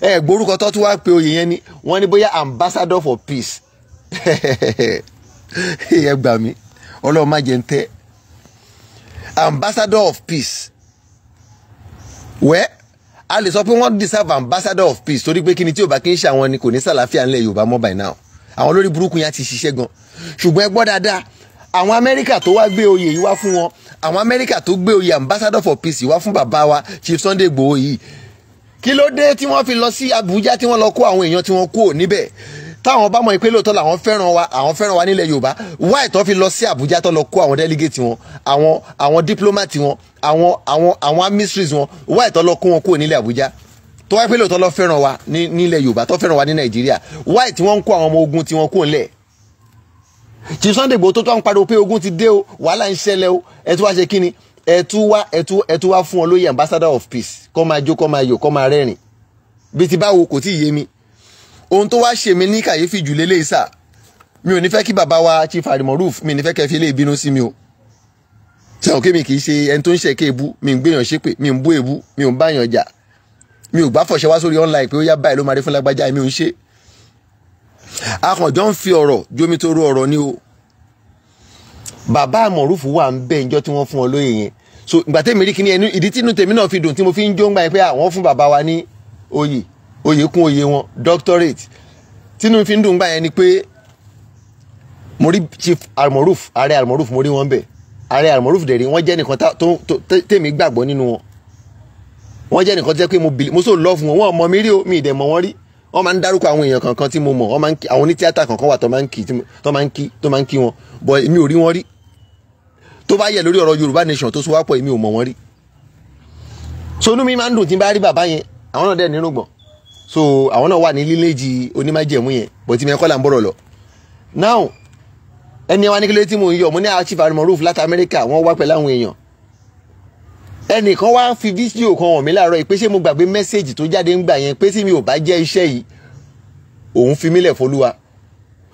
ẹ gbórúkọ tó tún wá pé oyè yẹn ni wọ́n ní bóyá ambassador for peace ẹ gbà mí ọlọ́run má jẹ́ ń tẹ́ ambassador of peace wẹ́ẹ́ a lè sọ pé wọ́n deserve ambassador of peace torí pé kíni tí ò bá kí ń ṣàwọn ni kò ní sàlàfíà ńlẹ̀ yorùbá mọ́ by now àwọn lórí burúkú yẹn ti ṣiṣẹ́ gan ṣùgbọ́n ẹ gbọ́ dáadáa àwọn amẹ́ríkà tó wá gbé oyè yìí wá fún wọn àwọn amẹ́ríkà tó gbé oyè ambassador for peace yìí wá fún bàbá wa chief sunday igbòho yìí kí ló dé tí wọ́n fi lọ sí abuja tí wọ́n lọ kó àwọn èèyàn tí wọ́n kú níbẹ̀ táwọn bá mọ̀ pé lóòótọ́ làwọn fẹ́ràn wa àwọn fẹ́ràn wa nílẹ̀ yorùbá wáì tó fi lọ sí àbújá tó lọ kó àwọn delegate wọn àwọn àwọn diplomat wọn àwọn àwọn àwọn amistries wọn wáì tó lọ kó wọn kúrò nílẹ̀ àbújá tó wáyé pé lóòótọ́ lọ fẹ́ràn wa nílẹ̀ yorùbá tó fẹ́ràn wa ní nàìjíríà wáì tí wọ́n ń kó àwọn ọmọ ogun tí wọ́n kúrò nílẹ̀ tí Sunday Igboho tó tó pariwo pé ogun ti dé o wàhálà ń ṣẹlẹ̀ o ẹ tún wá ṣe kíni ẹ tún wá ẹ tún ẹ tún wá fún ọ lóye ambassador of peace kó máa jó kó máa yọ̀ kó máa rẹ́rìn bí ti báwo kò tí ì yé mi ohun tó wá ṣe mí ní kàyéfì jù lélẹ́yìí sà mi ò ní fẹ́ kí bàbá wa Chief Arimoruf mi ò ní fẹ́ kẹ́ fi eléyìí bínú sí mi o sẹ́wọ̀n kí mi kì í ṣe ẹni tó ń ṣẹ̀kẹ́ èbú mi ń gbéyàn ṣépè mi ń bú èbú mi ń báyàn jà mi ò gbá wá sórí online pé ó yá báyìí ló máa rí fún lágbájá mi ò ń ṣe. akànjọ́ ń fi ọ̀rọ̀ jómi tó rú ọ̀rọ̀ ni o bàbá àmọ̀rúfù wà ń bẹ́ ìjọ tí wọ́n fún ọ lóye yẹn so ìgbà tẹ́mi rí kíní ẹnu ìdí tí inú tèmi náà fi dùn tí mo fi ń jó ń gbà yẹn pé àwọn fún bàbá wa ní oyè oyè kún oyè wọn doctorate tínú fi ń dùn gbà ni pé mo rí chief almoruf ààrẹ almoruf mo rí wọn bẹ̀ ààrẹ almoruf dẹ̀ rí wọ́n jẹ́ nìkan tó tèmi gbàgbọ́ nínú wọn wọ́n jẹ́ nìkan tó jẹ́ pé mo so love wọn wọn ò mọ mi rí o mi ì dẹ̀ mọ wọn rí wọ́n máa ń dárúkọ àwọn èèyàn kankan tí mo mọ̀ wọ́n máa ń kí àwọn onítìátà kankan wà tó máa ń kí tó máa ń kí wọn bọ̀ èmi ò rí wọn rí tó bá yẹ lórí ọ̀rọ̀ Yorùbá nation tó so wá pọ̀ èmi ò mọ̀ wọn rí so inú mi máa ń dùn tí n bá rí bàbá yẹn àwọn náà dẹ̀ nírùngbọ̀n so àwọn náà wà ní líléjì onímájẹ̀mú yẹn bọ̀tí mi ẹ̀kọ́ là ń bọ̀rọ̀ lọ. now ẹni wa ní kí ló tí mo ń yọ mo ní achieve armoroof láti amẹ́ríkà wọ́n wá pẹ̀lú àwọn èèyàn. ẹnìkan wá fi fídíò kan hàn mí láàárọ̀ pé ṣé mo gbàgbé mẹ́sẹ̀gì tó jáde ń gbà yẹn pé tí mi ò bá jẹ́ iṣẹ́ yìí òun fi mílẹ̀ fọlúwa.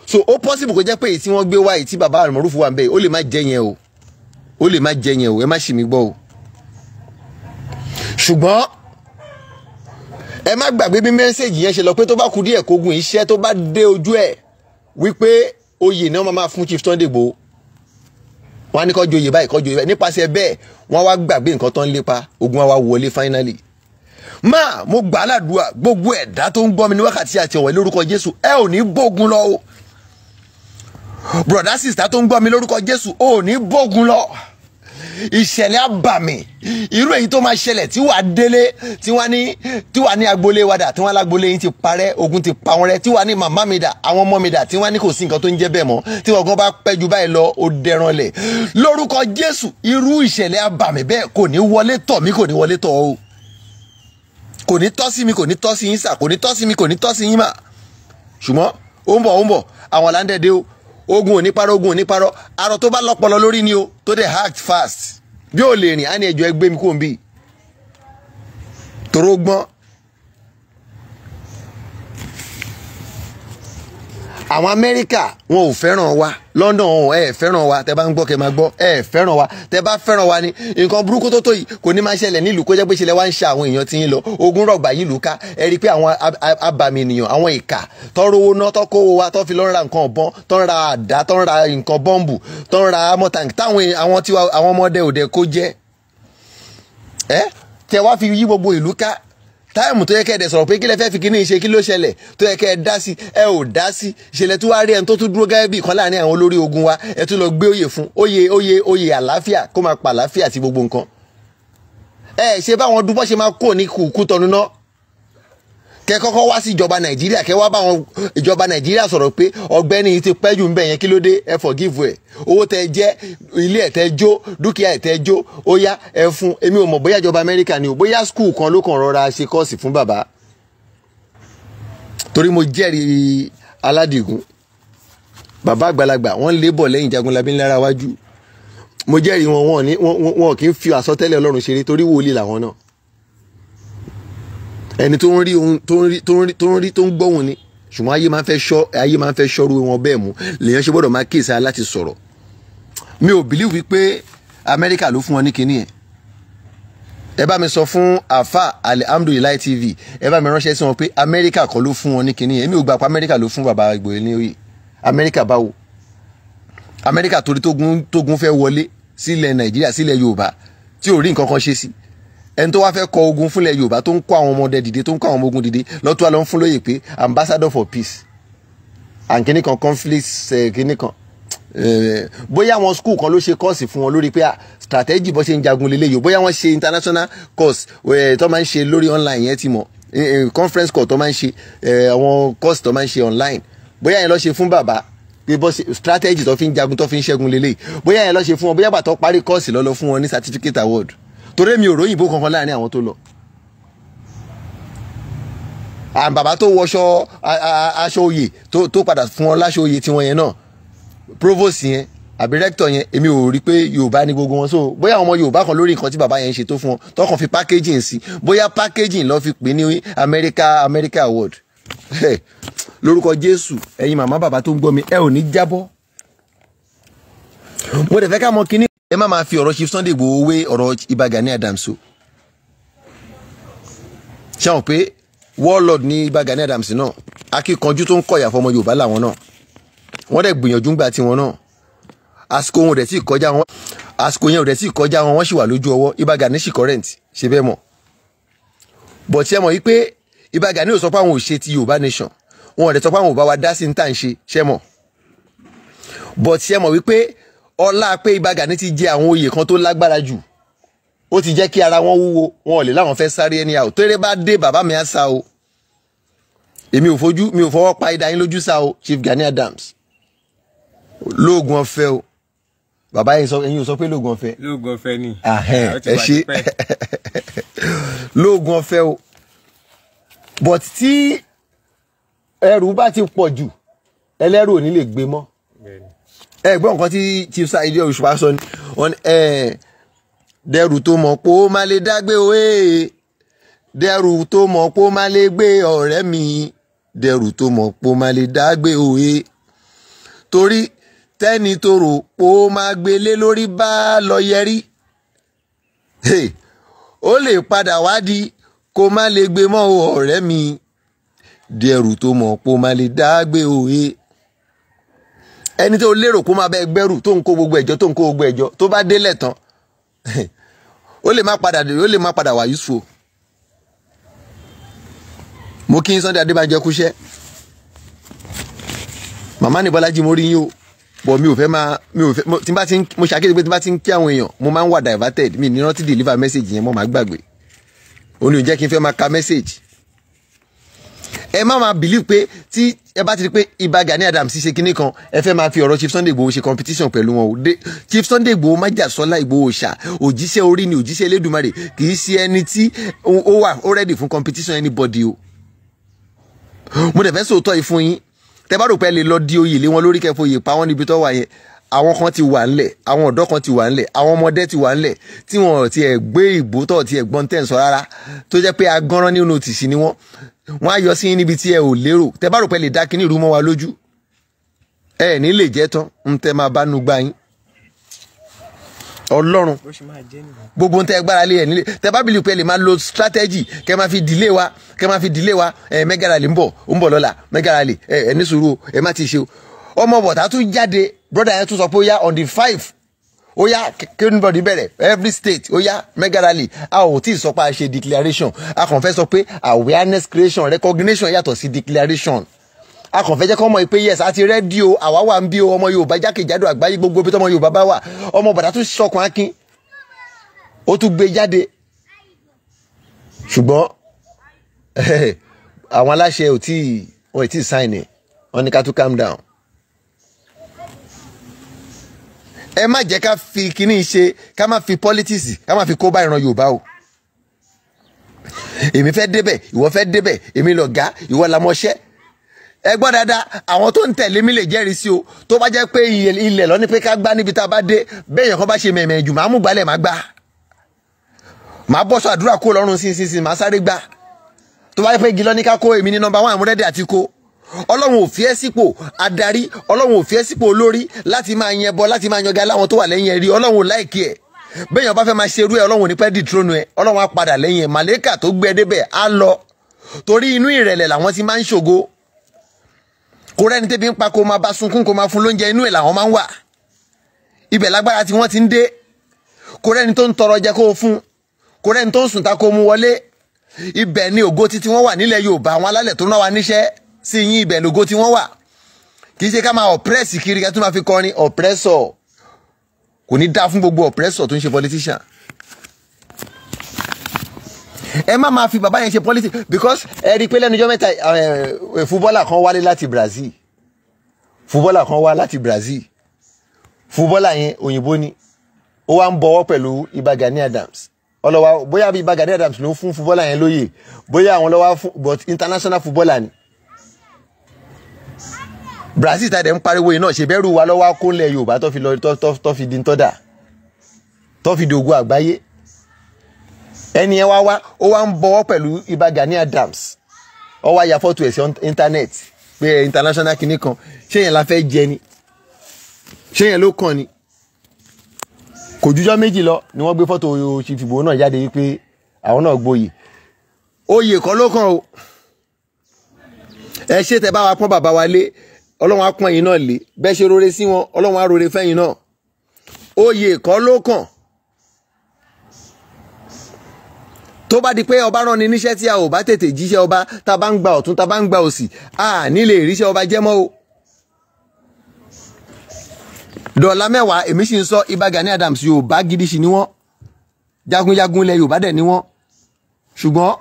so ó possible kó jẹ́ pé èyí tí wọ́n gbé wá èyí tí bàbá armoroof wà ń bẹ̀ ó lè má jẹ́ yẹn o ó lè má ẹ má gbàgbé bí mẹ́sẹ̀gì yẹn ṣe lọ pé tó bá kú díẹ̀ kógun iṣẹ́ tó bá dé ojú ẹ̀ wípé oyè náà máa fún Chief Sunday Igboho wọn á ní kọjú oyè báyìí kọjú oyè báyìí nípasẹ̀ bẹ́ẹ̀ wọ́n wá gbàgbé nǹkan tó lépa ogun wa wọlé finally máa mo gbà á ládùúgbà gbogbo ẹ̀dá tó ń gbọ́ mi ní wákàtí àti ọ̀wẹ́ lórúkọ Jésù ẹ ò ní bógun lọ o brọ̀dá sista tó ń gbọ́ mi lórúkọ Jésù ò ní bógun lọ ìṣẹ̀lẹ̀ àbàmì irú èyí tó máa ṣẹlẹ̀ tí wàá délé tí wàá ní tí wàá ní agboolé wadà tí wàá lágboolé yín ti parẹ́ ogun ti pa wọn rẹ́ tí wàá ní màmá mi dà àwọn ọmọ mi dà tí wàá ní kò sí nǹkan tó ń jẹ́ bẹ́ẹ̀ mọ́ tí wọ́n gan bá pẹ́ ju báyìí lọ ó dẹran lẹ̀ lórúkọ Jésù irú ìṣẹ̀lẹ̀ àbàmì bẹ́ẹ̀ kò ní wọlé tọ̀ mí kò ní wọlé tọ̀ o kò ní tọ́ sí mi kò ní tọ́ sí yín sà kò ní tọ́ sí mi kò ní tọ́ sí yín mà ṣùgbọ́n ó ń bọ̀ ó ń bọ̀ àwọn làǹdẹ̀dẹ̀ o ogun oníparọ́ ogun oníparọ́ arọ tó bá lọ́pọlọ lórí ni o tó dẹ̀ act fast bí ò lè rìn á ní ẹjọ́ ẹgbẹ́ mi kò ń bì tòró àwọn amẹ́ríkà wọn ò fẹ́ràn wa london wọn ẹ fẹ́ràn wa tẹ bá ń gbọ́ kẹ máa gbọ́ ẹ fẹ́ràn wa tẹ bá fẹ́ràn wa ni nǹkan burúkú tó tó yìí kò ní máa ṣẹlẹ̀ nílùú kó jẹ́ pé ṣẹlẹ̀ wá ń ṣe àwọn èèyàn tí yín lọ ogun rọ̀gbà yìí lù ká ẹ rí i pé àwọn abàmì ènìyàn àwọn ìkà tọrọwó náà tọkọwó wa tọ́ fi lọ́ ra nǹkan ọ̀bọ́n tọ́ ra àdá tọ́ ra nǹkan bọ́ǹbù tọ́ ra mọ́tàǹkì táwọn àwọn ọmọdé òde kó jẹ́ ẹ tẹ wá fi yí gbogbo ìlú ká táìmù tó yẹ kẹ́ ẹ̀dẹ̀ sọ̀rọ̀ pé kí lẹ fẹ́ fi kíní ṣe kí ló ṣẹlẹ̀ tó yẹ kẹ́ ẹ dá sí ẹ ò dá sí ṣẹlẹ̀ tó wá rí ẹni tó tún dúró gẹ́gẹ́ bí ìkan láàrin àwọn olórí ogun wa ẹ tún lọ gbé oyè fún oyè oyè oyè àlàáfíà kó máa pa àlàáfíà sí gbogbo nǹkan ẹ ṣe báwọn dúpọ́ ṣe máa kó ní kùkú tọ́nu náà kẹ kọ́kọ́ wá sí ìjọba nàìjíríà kẹ wá bá àwọn ìjọba nàìjíríà sọ̀rọ̀ pé ọ̀gbẹ́ni ti pẹ́ ń bẹ̀ yẹn kí ló dé ẹ forgive ẹ owó tẹ jẹ ilé ẹ tẹ jó dúkìá ẹ tẹ jó ó yá ẹ fún èmi ò mọ̀ bóyá ìjọba amẹ́ríkà ni ò bóyá skul kan ló kàn rọra ṣe kọ́ọ̀sì fún bàbá torí mo jẹ́rìí aládìgún bàbá àgbàlagbà wọ́n lé bọ̀ lẹ́yìn jagunlabi ńlára wájú mo jẹ́rìí wọn wọn kì í fi àsọtẹ́lẹ̀ ọlọ́run ṣeré torí wòlíì làwọn náà ẹni tó ń rí ohun tó ń rí tó ń rí tó ń rí tó ń gbọ́hùn ni ṣùgbọ́n ayé máa ń fẹ́ ṣọ́ ayé máa ń fẹ́ ṣọ́rú wọn bẹ́ẹ̀ mú lèèyàn ṣe gbọ́dọ̀ máa kíyèsí ara láti sọ̀rọ̀ mi ò bìlíwì wípé amẹ́ríkà ló fún wọn ní kinní yẹn ẹ bá mi sọ fún afa alihamdulilayi tv ẹ bá mi ránṣẹ́ sí wọn pé amẹ́ríkà kọ́ ló fún wọn ní kinní yẹn èmi ò gbà pé amẹ́ríkà ló fún bàbá Ìgbòho ní oyè amẹ́ríkà báwo amẹ́ríkà torí tógun tógun fẹ́ wọlé sílẹ̀ nàìjíríà sílẹ̀ yorùbá tí ò rí nǹkan kan ṣe sí i ẹni tó wá fẹ́ kọ ogun fúnlẹ̀ yorùbá tó ń kó àwọn ọmọdé dìde tó ń kó àwọn ọmọ ogun dìde lọ́tún wa ń fún lóye pé ambassador for peace and kìnnì kan conflict eh, kìnnì kan eh, bóyá àwọn school kan ló ṣe kọ́ọ̀sì fún wọn lórí pé ah, strategy bó ṣe ń jagun lélẹ́yìí bóyá wọ́n ṣe international course eh, tó máa ń ṣe lórí online yẹn ti mọ̀ conference call tó máa ń ṣe àwọn course tó máa ń ṣe online bóyá yẹn lọ ṣe fún bàbá pé bó ṣe strategy tó fi ń jagun tó fi ń ṣẹ́gun lélẹ́yìí bóyá yẹn lọ ṣe fún wọn bóyá bàtọ́ parí kọ́ọ̀sì lọ́lọ́ fún wọn ní certificate award torí èmi ò róyìnbó kankan láàrin àwọn tó lọ bàbá tó wọṣọ aṣọ oyè tó padà fún ọ láṣọ oyè tiwọn yẹn náà provost yẹn àbí rẹ́kítọ̀ yẹn èmi ò rí pé yorùbá ni gbogbo wọn so bóyá àwọn ọmọ yorùbá kan lórí nǹkan tí bàbá yẹn ń ṣe tó fún wọn tọkàn fi packaging sí bóyá packaging lọ fi pè ní America America award lórúkọ jésù ẹ̀yin màmá bàbá tó ń gbọ́ mi ẹ ò ní jábọ́ mo dẹ̀ fẹ́ ká mọ kíní ẹ má máa fi ọ̀rọ̀ Chief Sunday Igboho wé ọ̀rọ̀ Ìbà Gani Adams o ṣé àwọn pé warlord ní Ìbà Gani Adams náà akíkanjú tó ń kọ̀yà fọmọ Yorùbá làwọn náà wọ́n dẹ̀ gbìyànjú ń gbà tiwọn náà àsìkò wọn ò dẹ̀ sì kọjá wọn àsìkò yẹn ò dẹ̀ sì kọjá wọn wọ́n sì wà lójú ọwọ́ Ìbà Gani sì current ṣe bẹ́ẹ̀ mọ̀ bọ̀tí ẹ mọ̀ yí pé Ìbà Gani ò àwọn ò ti Yorùbá nation wọn ò dẹ̀ sọ pé àwọn ò bá wa dá sí ní tà ń ṣe ṣẹ́ mọ̀ bọ̀tí ẹ mọ̀ wípé ọlá pé Ìbà Gani ti jẹ àwọn oyè kan tó lágbára jù ó ti jẹ́ kí ara wọn wúwo wọn ò lè láwọn fẹ́ sáré ẹni àwò tẹ́rẹ́ bá dé bàbá mi á sá o èmi ò fojú mi ò fọwọ́ pa idà yín lójú sá o Chief Gani Adams lóògùn ọ̀fẹ́ o bàbá yín sọ ẹ̀yin ò sọ pé lóògùn ọ̀fẹ́. lóògùn ọ̀fẹ́ ni ẹ ṣe lóògùn ọ̀fẹ́ o but tí ẹrù bá ti pọ̀ jù ẹlẹ́rù ò ní lè gbé mọ́ ẹ gbọ́ nǹkan tí Chief Saheed Òṣùpá sọ ni wọ́n ẹ dẹrù tó mọ̀ pé ó má lè dágbé òwe dẹrù tó mọ̀ pé ó má lè gbé ọ̀rẹ́ mi dẹrù tó mọ̀ pé ó má lè dágbé òwe torí tẹ́ni tó rò pé ó máa gbélé lórí bá lọ yẹrí ó lè padà wá di kó má lè gbé mọ́ ọ̀rẹ́ mi dẹrù tó mọ̀ pé ó má lè dágbé òwe ẹni tó lérò kó máa bẹ gbẹ́rù tó ń kó gbogbo ẹ̀jọ́ tó ń kó gbogbo ẹ̀jọ́ tó bá délẹ̀ tán ó lè má padà ó lè má padà wà useful mo kí Sunday Adébánjọ kúṣẹ́ màmá ní Bọ́lájí mo rí yín o bọ̀ mi ò fẹ́ máa mi ò fẹ́ tí n bá ti ń mo ṣàkíyèsí pé tí n bá ti ń kí àwọn èèyàn mo máa ń wà diverted mi ní rántí deliver message yẹn mo máa gbàgbé òun ò jẹ́ kí n fẹ́ máa ka message ẹ má máa believe pé tí ẹ bá ti rí pé Ìbà Gani Adams ṣe kinní kan ẹ fẹ́ máa fi ọ̀rọ̀ Chief Sunday Igboho ṣe competition pẹ̀lú wọn o Chief Sunday Igboho Májàsọ́lá Igboho ṣá òjíṣẹ́ orí ni òjíṣẹ́ Elédùmarè kì í ṣe ẹni tí ó wà ó ready fún competition anybody o mo dẹ̀ fẹ́ sòótọ́ ìfún yín tẹ bá rò pé ẹ lè lọ di oyè lé wọn lórí kẹfọ oyè pa wọn níbi tó wà yẹn àwọn kan ti wà ńlẹ̀ àwọn ọ̀dọ́ kan ti wà ńlẹ̀ àwọn ọmọdé ti wà ńlẹ̀ tí wọn ti ẹ̀ gbé ìbò tó ti ẹ̀ gbọ́n tẹ̀ rárá tó jẹ́ pé agánran nínú tìṣí ni wọ́n wọ́n á yọ sí yín níbi tí ẹ ò lérò tẹ bá rò pé lè dá kíní ìrú mọ́ wa lójú ẹ ní lè jẹ́ tán ń tẹ máa bá nu gbá yín ọlọ́run gbogbo ń tẹ gbára lé ẹ nílé tẹ bá bìlì pé lè máa lo strategy kẹ máa fi dìlé wa kẹ máa fi dìlé wa ẹ mẹgàrà lè ń bọ̀ ń bọ̀ lọ́la mẹgàrà lè ẹ ní sùúrù ẹ má ti ṣe o ọmọ bọ̀tá tún jáde brọ́dà yẹn tún sọ pé ó yá on the five ó yá kẹ́nìbọ̀dì bẹ̀rẹ̀ every state ó yá mega rally a ò tí ì sọ pé a ṣe declaration a kàn fẹ́ sọ pé awareness creation recognition yàtọ̀ sí declaration a kàn fẹ́ jẹ́ kọ́ mọ̀ pé yes àti rẹ́díò àwa wà ń bí o ọmọ Yorùbá jákèjádò àgbáyé gbogbo ibi tọmọ Yorùbá bá wà ọmọ bàtà tún sọkàn akin ó tún gbé jáde ṣùgbọ́n àwọn aláṣẹ ò tí ì wọ́n ì tí ì sáìn wọ́n ní ká tún calm down ẹ má jẹ́ ká fi kíní ṣe ká má fi politics ká má fi kó bá ìran Yorùbá o èmi fẹ́ débẹ̀ ìwọ fẹ́ débẹ̀ èmi lọ̀gá ìwọ làmọṣẹ́ ẹ gbọ́ dáadáa àwọn tó ń tẹ̀lé mi lè jẹ́rìí sí o tó bá jẹ́ pé ilẹ̀ lọ́ní pé ká gbá níbi tá a bá dé bẹ́ẹ̀ yẹn kan bá ṣe mẹ̀mẹ̀ jù máa mú gbalẹ̀ máa gbá máa bọ́ sọ àdúrà kó lọ́rùn sínsìnsìn máa sáré gbá tó bá jẹ́ pé igi lọ́ní ká kó èmi ní nọ́mbà wọn àmúrẹ́dẹ̀ àti kó ọlọ́run ò fi ẹ́ sípò adarí ọlọ́run ò fi ẹ́ sípò olórí láti máa yẹn bọ láti máa yangá láwọn tó wà lẹ́yìn ẹ̀rí ọlọ́run ò láìkí ẹ̀ bẹ́ẹ̀ yẹn bá fẹ́ máa ṣe irú ẹ̀ ọlọ́run ò ní pẹ́ dìtrónù ẹ̀ ọlọ́run á padà lẹ́yìn ẹ̀ màlẹ́kà tó gbé ẹ débẹ̀ á lọ torí inú ìrẹ̀lẹ̀ làwọn ti máa ń ṣògo kò rẹ́ni tẹ́bi ń pa kó máa bá sunkún kó máa fún lóúnjẹ inú ẹ̀ làwọn máa ń wà ibẹ̀ lágbára tí wọ́n ti ń dé kò rẹ́ni tó ń tọrọ jẹ kó o fún kò rẹ́ni tó ń sùn ta kó o mú wọlé ibẹ̀ ni ògo títí wọ́n wà nílẹ̀ Yorùbá àwọn alálẹ̀ tó ń wa níṣẹ́ sí yín ibẹ̀ lógo tí wọ́n wà kì í ṣe ká máa ọ̀pẹ́rẹ́sì kiri ká tún máa fi kọrin ọ̀pẹ́rẹ́sọ̀ kò ní dáa fún gbogbo ọ̀pẹ́rẹ́sọ̀ tó ń ṣe politician ẹ má máa fi bàbá yẹn ṣe politics because ẹ rí i pé lẹ́nujọ́ mẹ́ta eh, eh, fúbọ́là kan wálé láti Brazil fúbọ́là kan wá láti Brazil fúbọ́là yẹn òyìnbó ni ó wá ń bọwọ́ pẹ̀lú Ìbà Gani Adams ọlọ́wà bóyá Ìbà Gani Adams ló fún fúbọ́là yẹn lóyè bóyá àwọn lọ́wọ́ but international fúbọ́là ni Brazil tàdé ń pariwo iná ṣe bẹ́rù wa lọ́wọ́ akólẹ̀ Yorùbá tó fi lọ tó fi di tọ́dà tó fi dògùn àgbáyé ẹni ẹ wá wá ó wá ń bọwọ́ pẹ̀lú Ìbà Gani Adams ó wá ya fọ́tò ẹ̀ internet íńtánẹ́ẹ̀tì pé international kinní kan ṣé yẹn la fẹ́ jẹ ni ṣé yẹn ló kàn ni kò jújọ́ méjì lọ ni wọ́n gbé fọ́tò Chief Igboho náà jáde wípé àwọn náà gboyè oyè kan ló kàn o ẹ ṣe tẹ bá wa pọ́n bàbá wa lé ọlọ́run á pọ́n yín náà lé bẹ́ẹ̀ ṣe rore sí wọn ọlọ́run á rore fẹ́yìn náà oyè kọ́ ló kàn tó bá di pé ọba rán ni níṣẹ́ tí a ò bá tètè jíṣẹ́ ọba tá a bá ń gba ọ̀tún tá a bá ń gba òsì a nílè ríṣẹ́ ọba jẹ́ mọ́ o dọ̀là mẹ́wàá èmi sì ń sọ Ìbà Gani Adams Yorùbá gidi sì ni wọ́n jagunjagun ilẹ̀ Yorùbá dẹ̀ ni wọ́n ṣùgbọ́n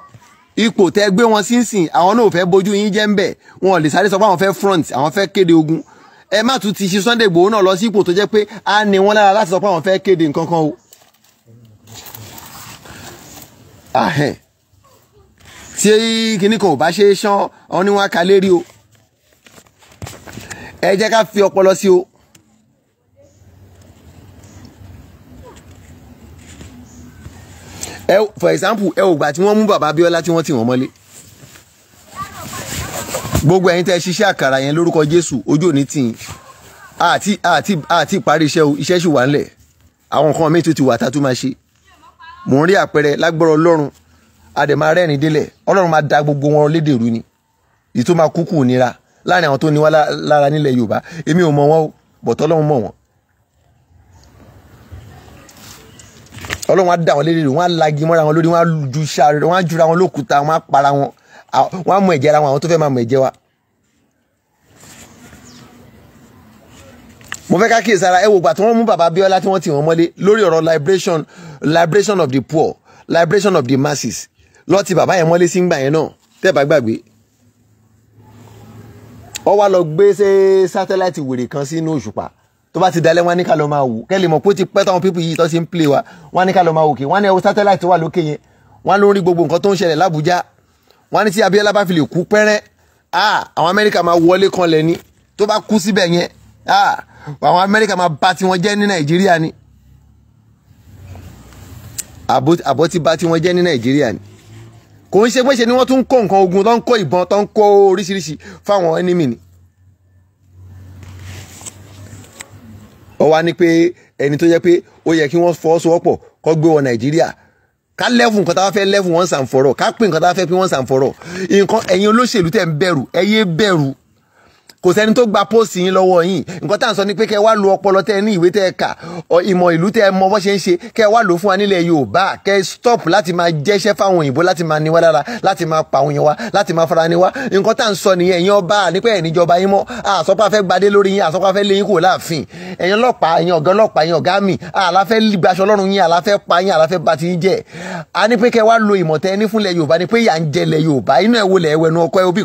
ipò tẹ́ gbé wọn sínsìn àwọn náà ò fẹ́ bójú yín jẹ́ ń bẹ̀ wọn ò lè sáré sọ pé àwọn fẹ́ front àwọn fẹ́ kéde ogun ẹ má tún ti ṣe Sunday Igboho náà lọ sí ipò tó jẹ́ pé a ní wọn lára láti sọ pé àwọn fẹ́ kéde nǹkan kan o. tí kinní kan ò bá ṣe é ṣán ọ ní wọn á kalé rí o ẹ jẹ́ ká fi ọpọlọ sí o. for example ẹ ò gbà tí wọ́n mú bàbá Abíọ́lá tí wọ́n tì wọ́n mọ́lé gbogbo ẹ̀yin tẹ́ ṣiṣẹ́ àkàrà yẹn lórúkọ Jésù ojú òní tì yín àti àti àti parí iṣẹ́ o iṣẹ́ sì wà ńlẹ̀ àwọn nǹkan míì tún ti wà tá a tún máa ṣe mò ń rí àpẹẹrẹ lágbọ́rọ̀ Ọlọ́run àdèmà rẹ́rìn délẹ̀ Ọlọ́run máa da gbogbo wọn lédèrú ni ìtò kúkú nira láàrin àwọn tó ní wá lára nílẹ̀ Yorùbá èmi ò mọ̀ wọn o bọ̀tọ́ Ọlọ́run mọ̀ wọn ọlọ́run á dà wọ́n lérí wọ́n á lagi mọ́ra wọn lórí wọ́n á sáré wọ́n á wọn lókùúta wọ́n á para wọn wọ́n ẹ̀jẹ̀ ara wọn àwọn tó fẹ́ máa mọ ẹ̀jẹ̀ wa. mo fẹ́ ká kíyè sára ẹ wò gbà tí wọ́n mú bàbá Abíọ́lá tí wọ́n tì wọ́n mọ́lé lórí ọ̀rọ̀ liberation liberation of the poor liberation of the masses lọ́ọ́ ti bàbá yẹn mọ́lé sí ngbà yẹn náà tẹ́ bá gbàgbé ọ wá lọ gbé ṣe sátẹ́láìtì wèrè kan sínú òṣùpá tó bá ti dalẹ̀ wọ́n ní ká lọ máa wò kẹ́lẹ́ mọ̀ pé ó ti pẹ́ táwọn pípù yìí tó ti ń play wa wọ́n ní ká lọ máa wò kí wọ́n ní ẹ̀wọ́ satellite tó wà lókè yẹn wọ́n ló ń rí gbogbo nǹkan tó ń ṣẹlẹ̀ lábújá wọ́n ní tí Abíọ́lá bá fi lè kú pẹ́rẹ́ àwọn Amẹ́ríkà máa wọlé kan lẹ̀ ni tó bá kú síbẹ̀ yẹn àwọn Amẹ́ríkà máa bà tiwọn jẹ́ ní Nàìjíríà ni àbọ̀ ti bà tiwọn jẹ́ ní Nàìjíríà ni kò ń ṣe pé ṣe ni wọ́n tún kó nǹkan ogun tó ń kó ìbọn tó ń kó oríṣiríṣi fáwọn enemy ni wọ́n wá ní pé ẹni tó jẹ́ pé ó yẹ kí wọ́n fọwọ́sowọ́pọ̀ kó gbé wọ nàìjíríà ká lẹ́fù nǹkan tá a fẹ́ lẹ́fù wọ́n sàn fọ̀rọ̀ ká pín nǹkan tá a fẹ́ pín wọ́n sàn fọ̀rọ̀ nǹkan ẹ̀yin olóṣèlú tẹ̀ ń bẹ̀rù ẹ bẹ̀rù kò sẹ́ni tó gba póòsì yín lọ́wọ́ yín nǹkan tá à ń sọ ni pé kẹ́ wá lo ọpọlọ tẹ́ ẹ ní ìwé tẹ́ ẹ kà ìmọ̀ ìlú tẹ́ ẹ mọ bó ṣe ń ṣe kẹ́ wá lò fún wa nílẹ̀ Yorùbá kẹ́ stop láti máa jẹ́ṣẹ́ fáwọn òyìnbó láti máa niwá dára láti máa pa òyìnbó wa láti máa fara niwá nǹkan tá à ń sọ nìyẹn ẹ̀yin ọba nípa ẹ̀ níjọba yín mọ́ àsọpá fẹ́ gbadé lórí yín àsọpá fẹ́ lé yín kò láàfin ẹ̀yin ọlọ́pàá ba ti yín jẹ́ a ní pé kẹ́ wá lo ìmọ̀ tẹ́ ni pé yà ń jẹlẹ̀ Yorùbá inú ẹ̀ wo lẹ̀ ẹ̀wẹ̀ nu ọkọ ẹ̀ obì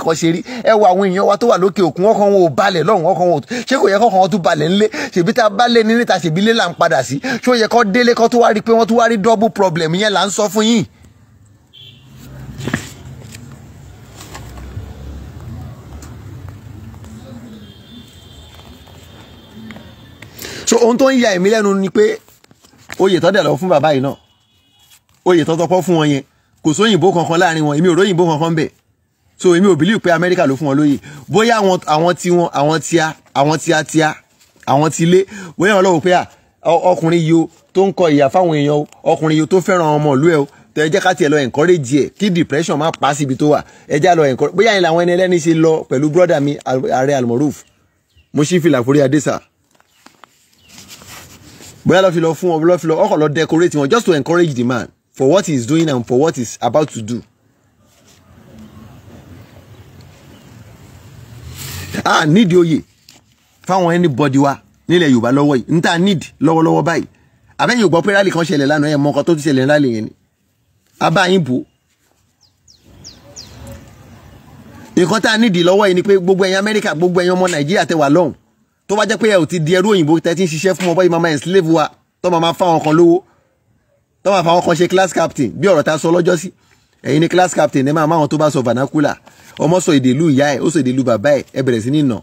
kan ọkàn wọn ò balẹ̀ lọ́hùn ọkàn wọn ò ṣé kò yẹ kọ́kàn wọn tún balẹ̀ ńlé ṣèbí tá a bá lé ní níta ṣèbí lé là ń padà sí ṣó yẹ kọ́ délé kọ́ tó wá rí pé wọ́n tún wá rí double problem yẹn là ń sọ fún yín. so ohun tó ń ya èmi lẹ́nu ni pé oyè tó dẹ̀ lọ fún bàbá yìí náà oyè tó tọpọ́ fún wọn yẹn kò sóyìnbó kankan láàrin wọn èmi ò róyìnbó kankan bẹ́ẹ̀ so èmi ò believe pé amẹ́ríkà ló fún wọn lóyè bóyá àwọn tí wọn àwọn tíá àwọn tíá tíá àwọn ti lé bóyá wọn lọ́wọ́ pé ọkùnrin yìí o tó ń kọ ìyà fáwọn èèyàn o ọkùnrin yìí o tó fẹ́ràn ọmọ ìlú ẹ̀ o tẹ ẹ jẹ́ ká tiẹ̀ lọ encourage ẹ̀ kí depression má pa síbi tó wà ẹ já lọ encourage bóyá yẹn làwọn ẹni ẹlẹ́ni ṣe lọ pẹ̀lú brọ́dà mi ààrẹ almoruf mo ṣí fìlà forí adéṣà bóyá lọ́ fi lọ fún ọ lọ́ fi lọ ọkọ̀ lọ decorate wọn just to encourage the man for what he is doing and for what he is about to do. a nídìí oyè fáwọn anybody wa nílẹ̀ yorùbá lọ́wọ́ yìí níta need lọ́wọ́lọ́wọ́ báyìí àbẹ́yìn ò gbọ́ pé rálì kan ṣẹlẹ̀ lánàá ẹ̀ mọ ọkọ tó ti ṣẹlẹ̀ rálì yẹn ni abá yín bò nǹkan tá a nídìí lọ́wọ́ yìí ni pé gbogbo ẹ̀yin amẹ́ríkà gbogbo ẹ̀yin ọmọ nàìjíríà tẹ wà lọ́hùn tó bá jẹ́ pé ẹ ò ti di ẹrú òyìnbó tẹ ti ń ṣiṣẹ́ fún ọbọ̀ yìí máa máa enslave wa tó máa máa fáwọn kan lówó tó máa fáwọn kan ṣe class captain bí ọ̀rọ̀ ta sọ lọ́jọ́ sí ẹ̀yin ni class captain ẹ máa máa wọn tó bá sọ vernacular ọmọ sọ èdè ìlú ìyá ẹ̀ ó sọ èdè ìlú bàbá ẹ̀ ẹ bẹ̀rẹ̀ sí ní nà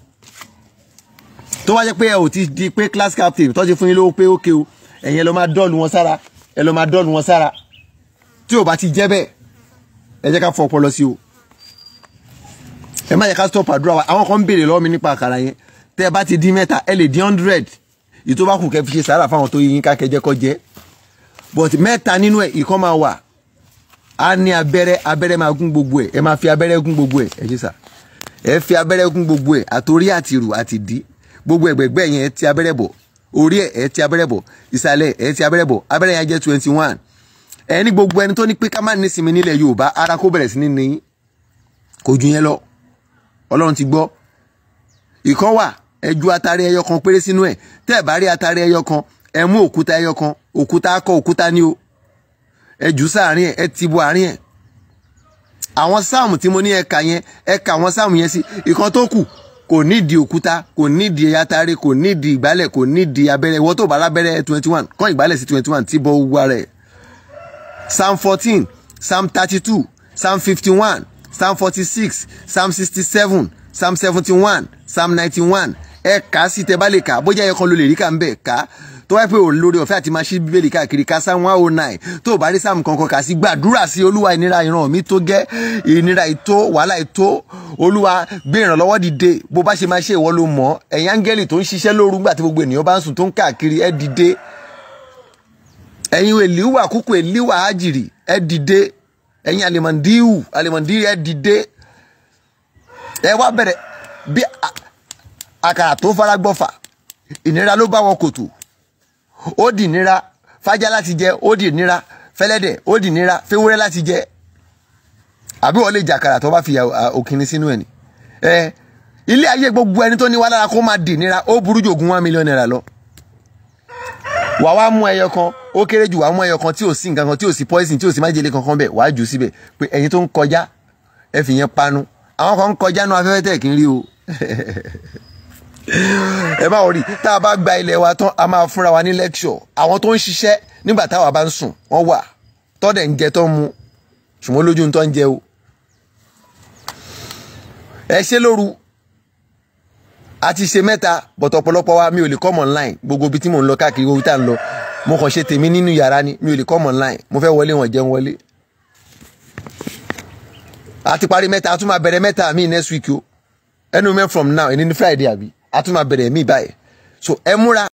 tó wá jẹ́ pé ẹ ò ti di pé class captain tó ti fún yín lówó pé ókè o ẹ̀yin ẹ lọ máa dọ́ọ̀lù wọn sára ẹ lọ máa dọ́ọ̀lù wọn sára tí ò bá ti jẹ́ bẹ́ẹ̀ ẹ jẹ́ ká fọ ọpọlọ sí o ẹ má jẹ́ ká stop àdúrà wa àwọn kan ń béèrè lọ́wọ́ mi nípa àkàrà yẹn tẹ́ ẹ bá ti di mẹ́ta ẹ lè dín hundred ìtò bá kù kẹ́ fi ṣe sàárà fáwọn tó yín ká kẹjẹ́ jẹ́ but mẹ́ta nínú ẹ̀ ìkan máa wà a ní abẹ́rẹ́ abẹ́rẹ́ máa gún gbogbo ẹ̀ ẹ máa fi abẹ́rẹ́ gún gbogbo ẹ̀ ẹ ṣe sà ẹ fi abẹ́rẹ́ gún gbogbo ẹ̀ àtòrí àtìrù àtìdí gbogbo ẹ̀gbẹ̀gbẹ́ yẹn ẹ ti abẹ́rẹ́ bọ̀ orí ẹ̀ ẹ ti abẹ́rẹ́ bọ̀ ìsàlẹ̀ ẹ ti abẹ́rẹ́ bọ̀ abẹ́rẹ́ yẹn jẹ́ twenty one ẹ ní gbogbo ẹni tó ní pé ká má ní sinmi nílẹ̀ Yorùbá ara kó bẹ̀rẹ̀ sí ní ní kò ju yẹn lọ Ọlọ́run ti gbọ́ ìkọ́ wà ẹ ju atare ẹyọ kan péré sínú ẹ̀ tẹ́ẹ̀ bá rí atare ẹyọ kan ẹ mú òkúta ẹyọ kan òkúta akọ òkúta ni o ẹ jù sáàrin ẹ ẹ ti bo àárín ẹ àwọn sáàmù tí mo ní ẹka yẹn ẹka àwọn sáàmù yẹn sí ìkan tó kù kò nídìí òkúta kò nídìí ẹyàtàrí kò nídìí ìgbálẹ̀ kò nídìí abẹ́rẹ́ ìwọ tó bá lábẹ́rẹ́ twenty one kàn ìgbálẹ̀ sí twenty one tí bọ́ wúwa rẹ̀ psalm fourteen psalm thirty two psalm fifty one psalm forty six psalm sixty seven psalm seventy one psalm ninety one ẹ kà á sí tẹ bá lè kà bójá ẹ kan ló lè rí kà ń bẹ̀ kà á tó wáyé pé ò lórí ọ̀fẹ́ àti máa ṣí bíbélì káàkiri ká sáà one oh nine tó o bá rí sáàmù kankan kà sí gbàdúrà sí olúwa ìnira ìran mi tó gẹ́ ìnira ìtó wàhálà ìtó olúwa gbé ìrànlọ́wọ́ dìde bó bá ṣe máa ṣe ìwọ ló mọ̀ ẹ̀yin áńgẹ́lì tó ń ṣiṣẹ́ lóru nígbà tí gbogbo ènìyàn bá ń sùn tó ń káàkiri ẹ dìde ẹ̀yin èlíwà kúkú èlíwà ájìrì ẹ dìde ẹ̀yin àlèmọ̀ndíwù àlèmọ̀ndíwù ìnira ló bá wọn kòtò ó dì nira fájá láti jẹ ó dì nira fẹ́lẹ́dẹ̀ ó dì nira fẹ́wúrẹ́ láti jẹ àbí wọ́n lè jàkàrà tó bá fi òkìní sínú ẹ̀ ni ẹ ilé ayé gbogbo ẹni tó ní wá lára kó máa dì nira ó burú jù ogún one million naira lọ wà wá mú ẹyọ kan ó kéré jù wá mú ẹyọ kan tí ò sí nǹkan kan tí ò sí poison tí ò sí májèlé kankan bẹ̀ wàá jù síbẹ̀ pé ẹ̀yin tó ń kọjá ẹ fi yẹn panu àwọn kan ń kọjá nu afẹ́fẹ́ tẹ̀ kí n rí o ẹ má wọrí tá a bá gba ilẹ̀ wa tán a máa fúnra wa ní lecture àwọn tó ń ṣiṣẹ́ nígbà táwa bá ń sùn wọ́n wà tọ́dẹ̀ ń jẹ tó ń mu ṣùgbọ́n lójú ń tọ́ ń jẹ o ẹ ṣe lóru a ti ṣe mẹ́ta but ọ̀pọ̀lọpọ̀ wa mi ò lè come online gbogbo ibi tí mò ń lọ káàkiri owó tá à ń lọ mo kàn ṣe tèmi nínú yàrá ni mi ò lè come online mo fẹ́ wọlé wọn jẹun wọlé a ti parí mẹ́ta a tún máa bẹ̀rẹ̀ mẹ́ta mi next week o ẹnu mẹ́ from now ẹni ní Friday àbí a tún máa bẹ̀rẹ̀ míì báyìí so ẹ múra.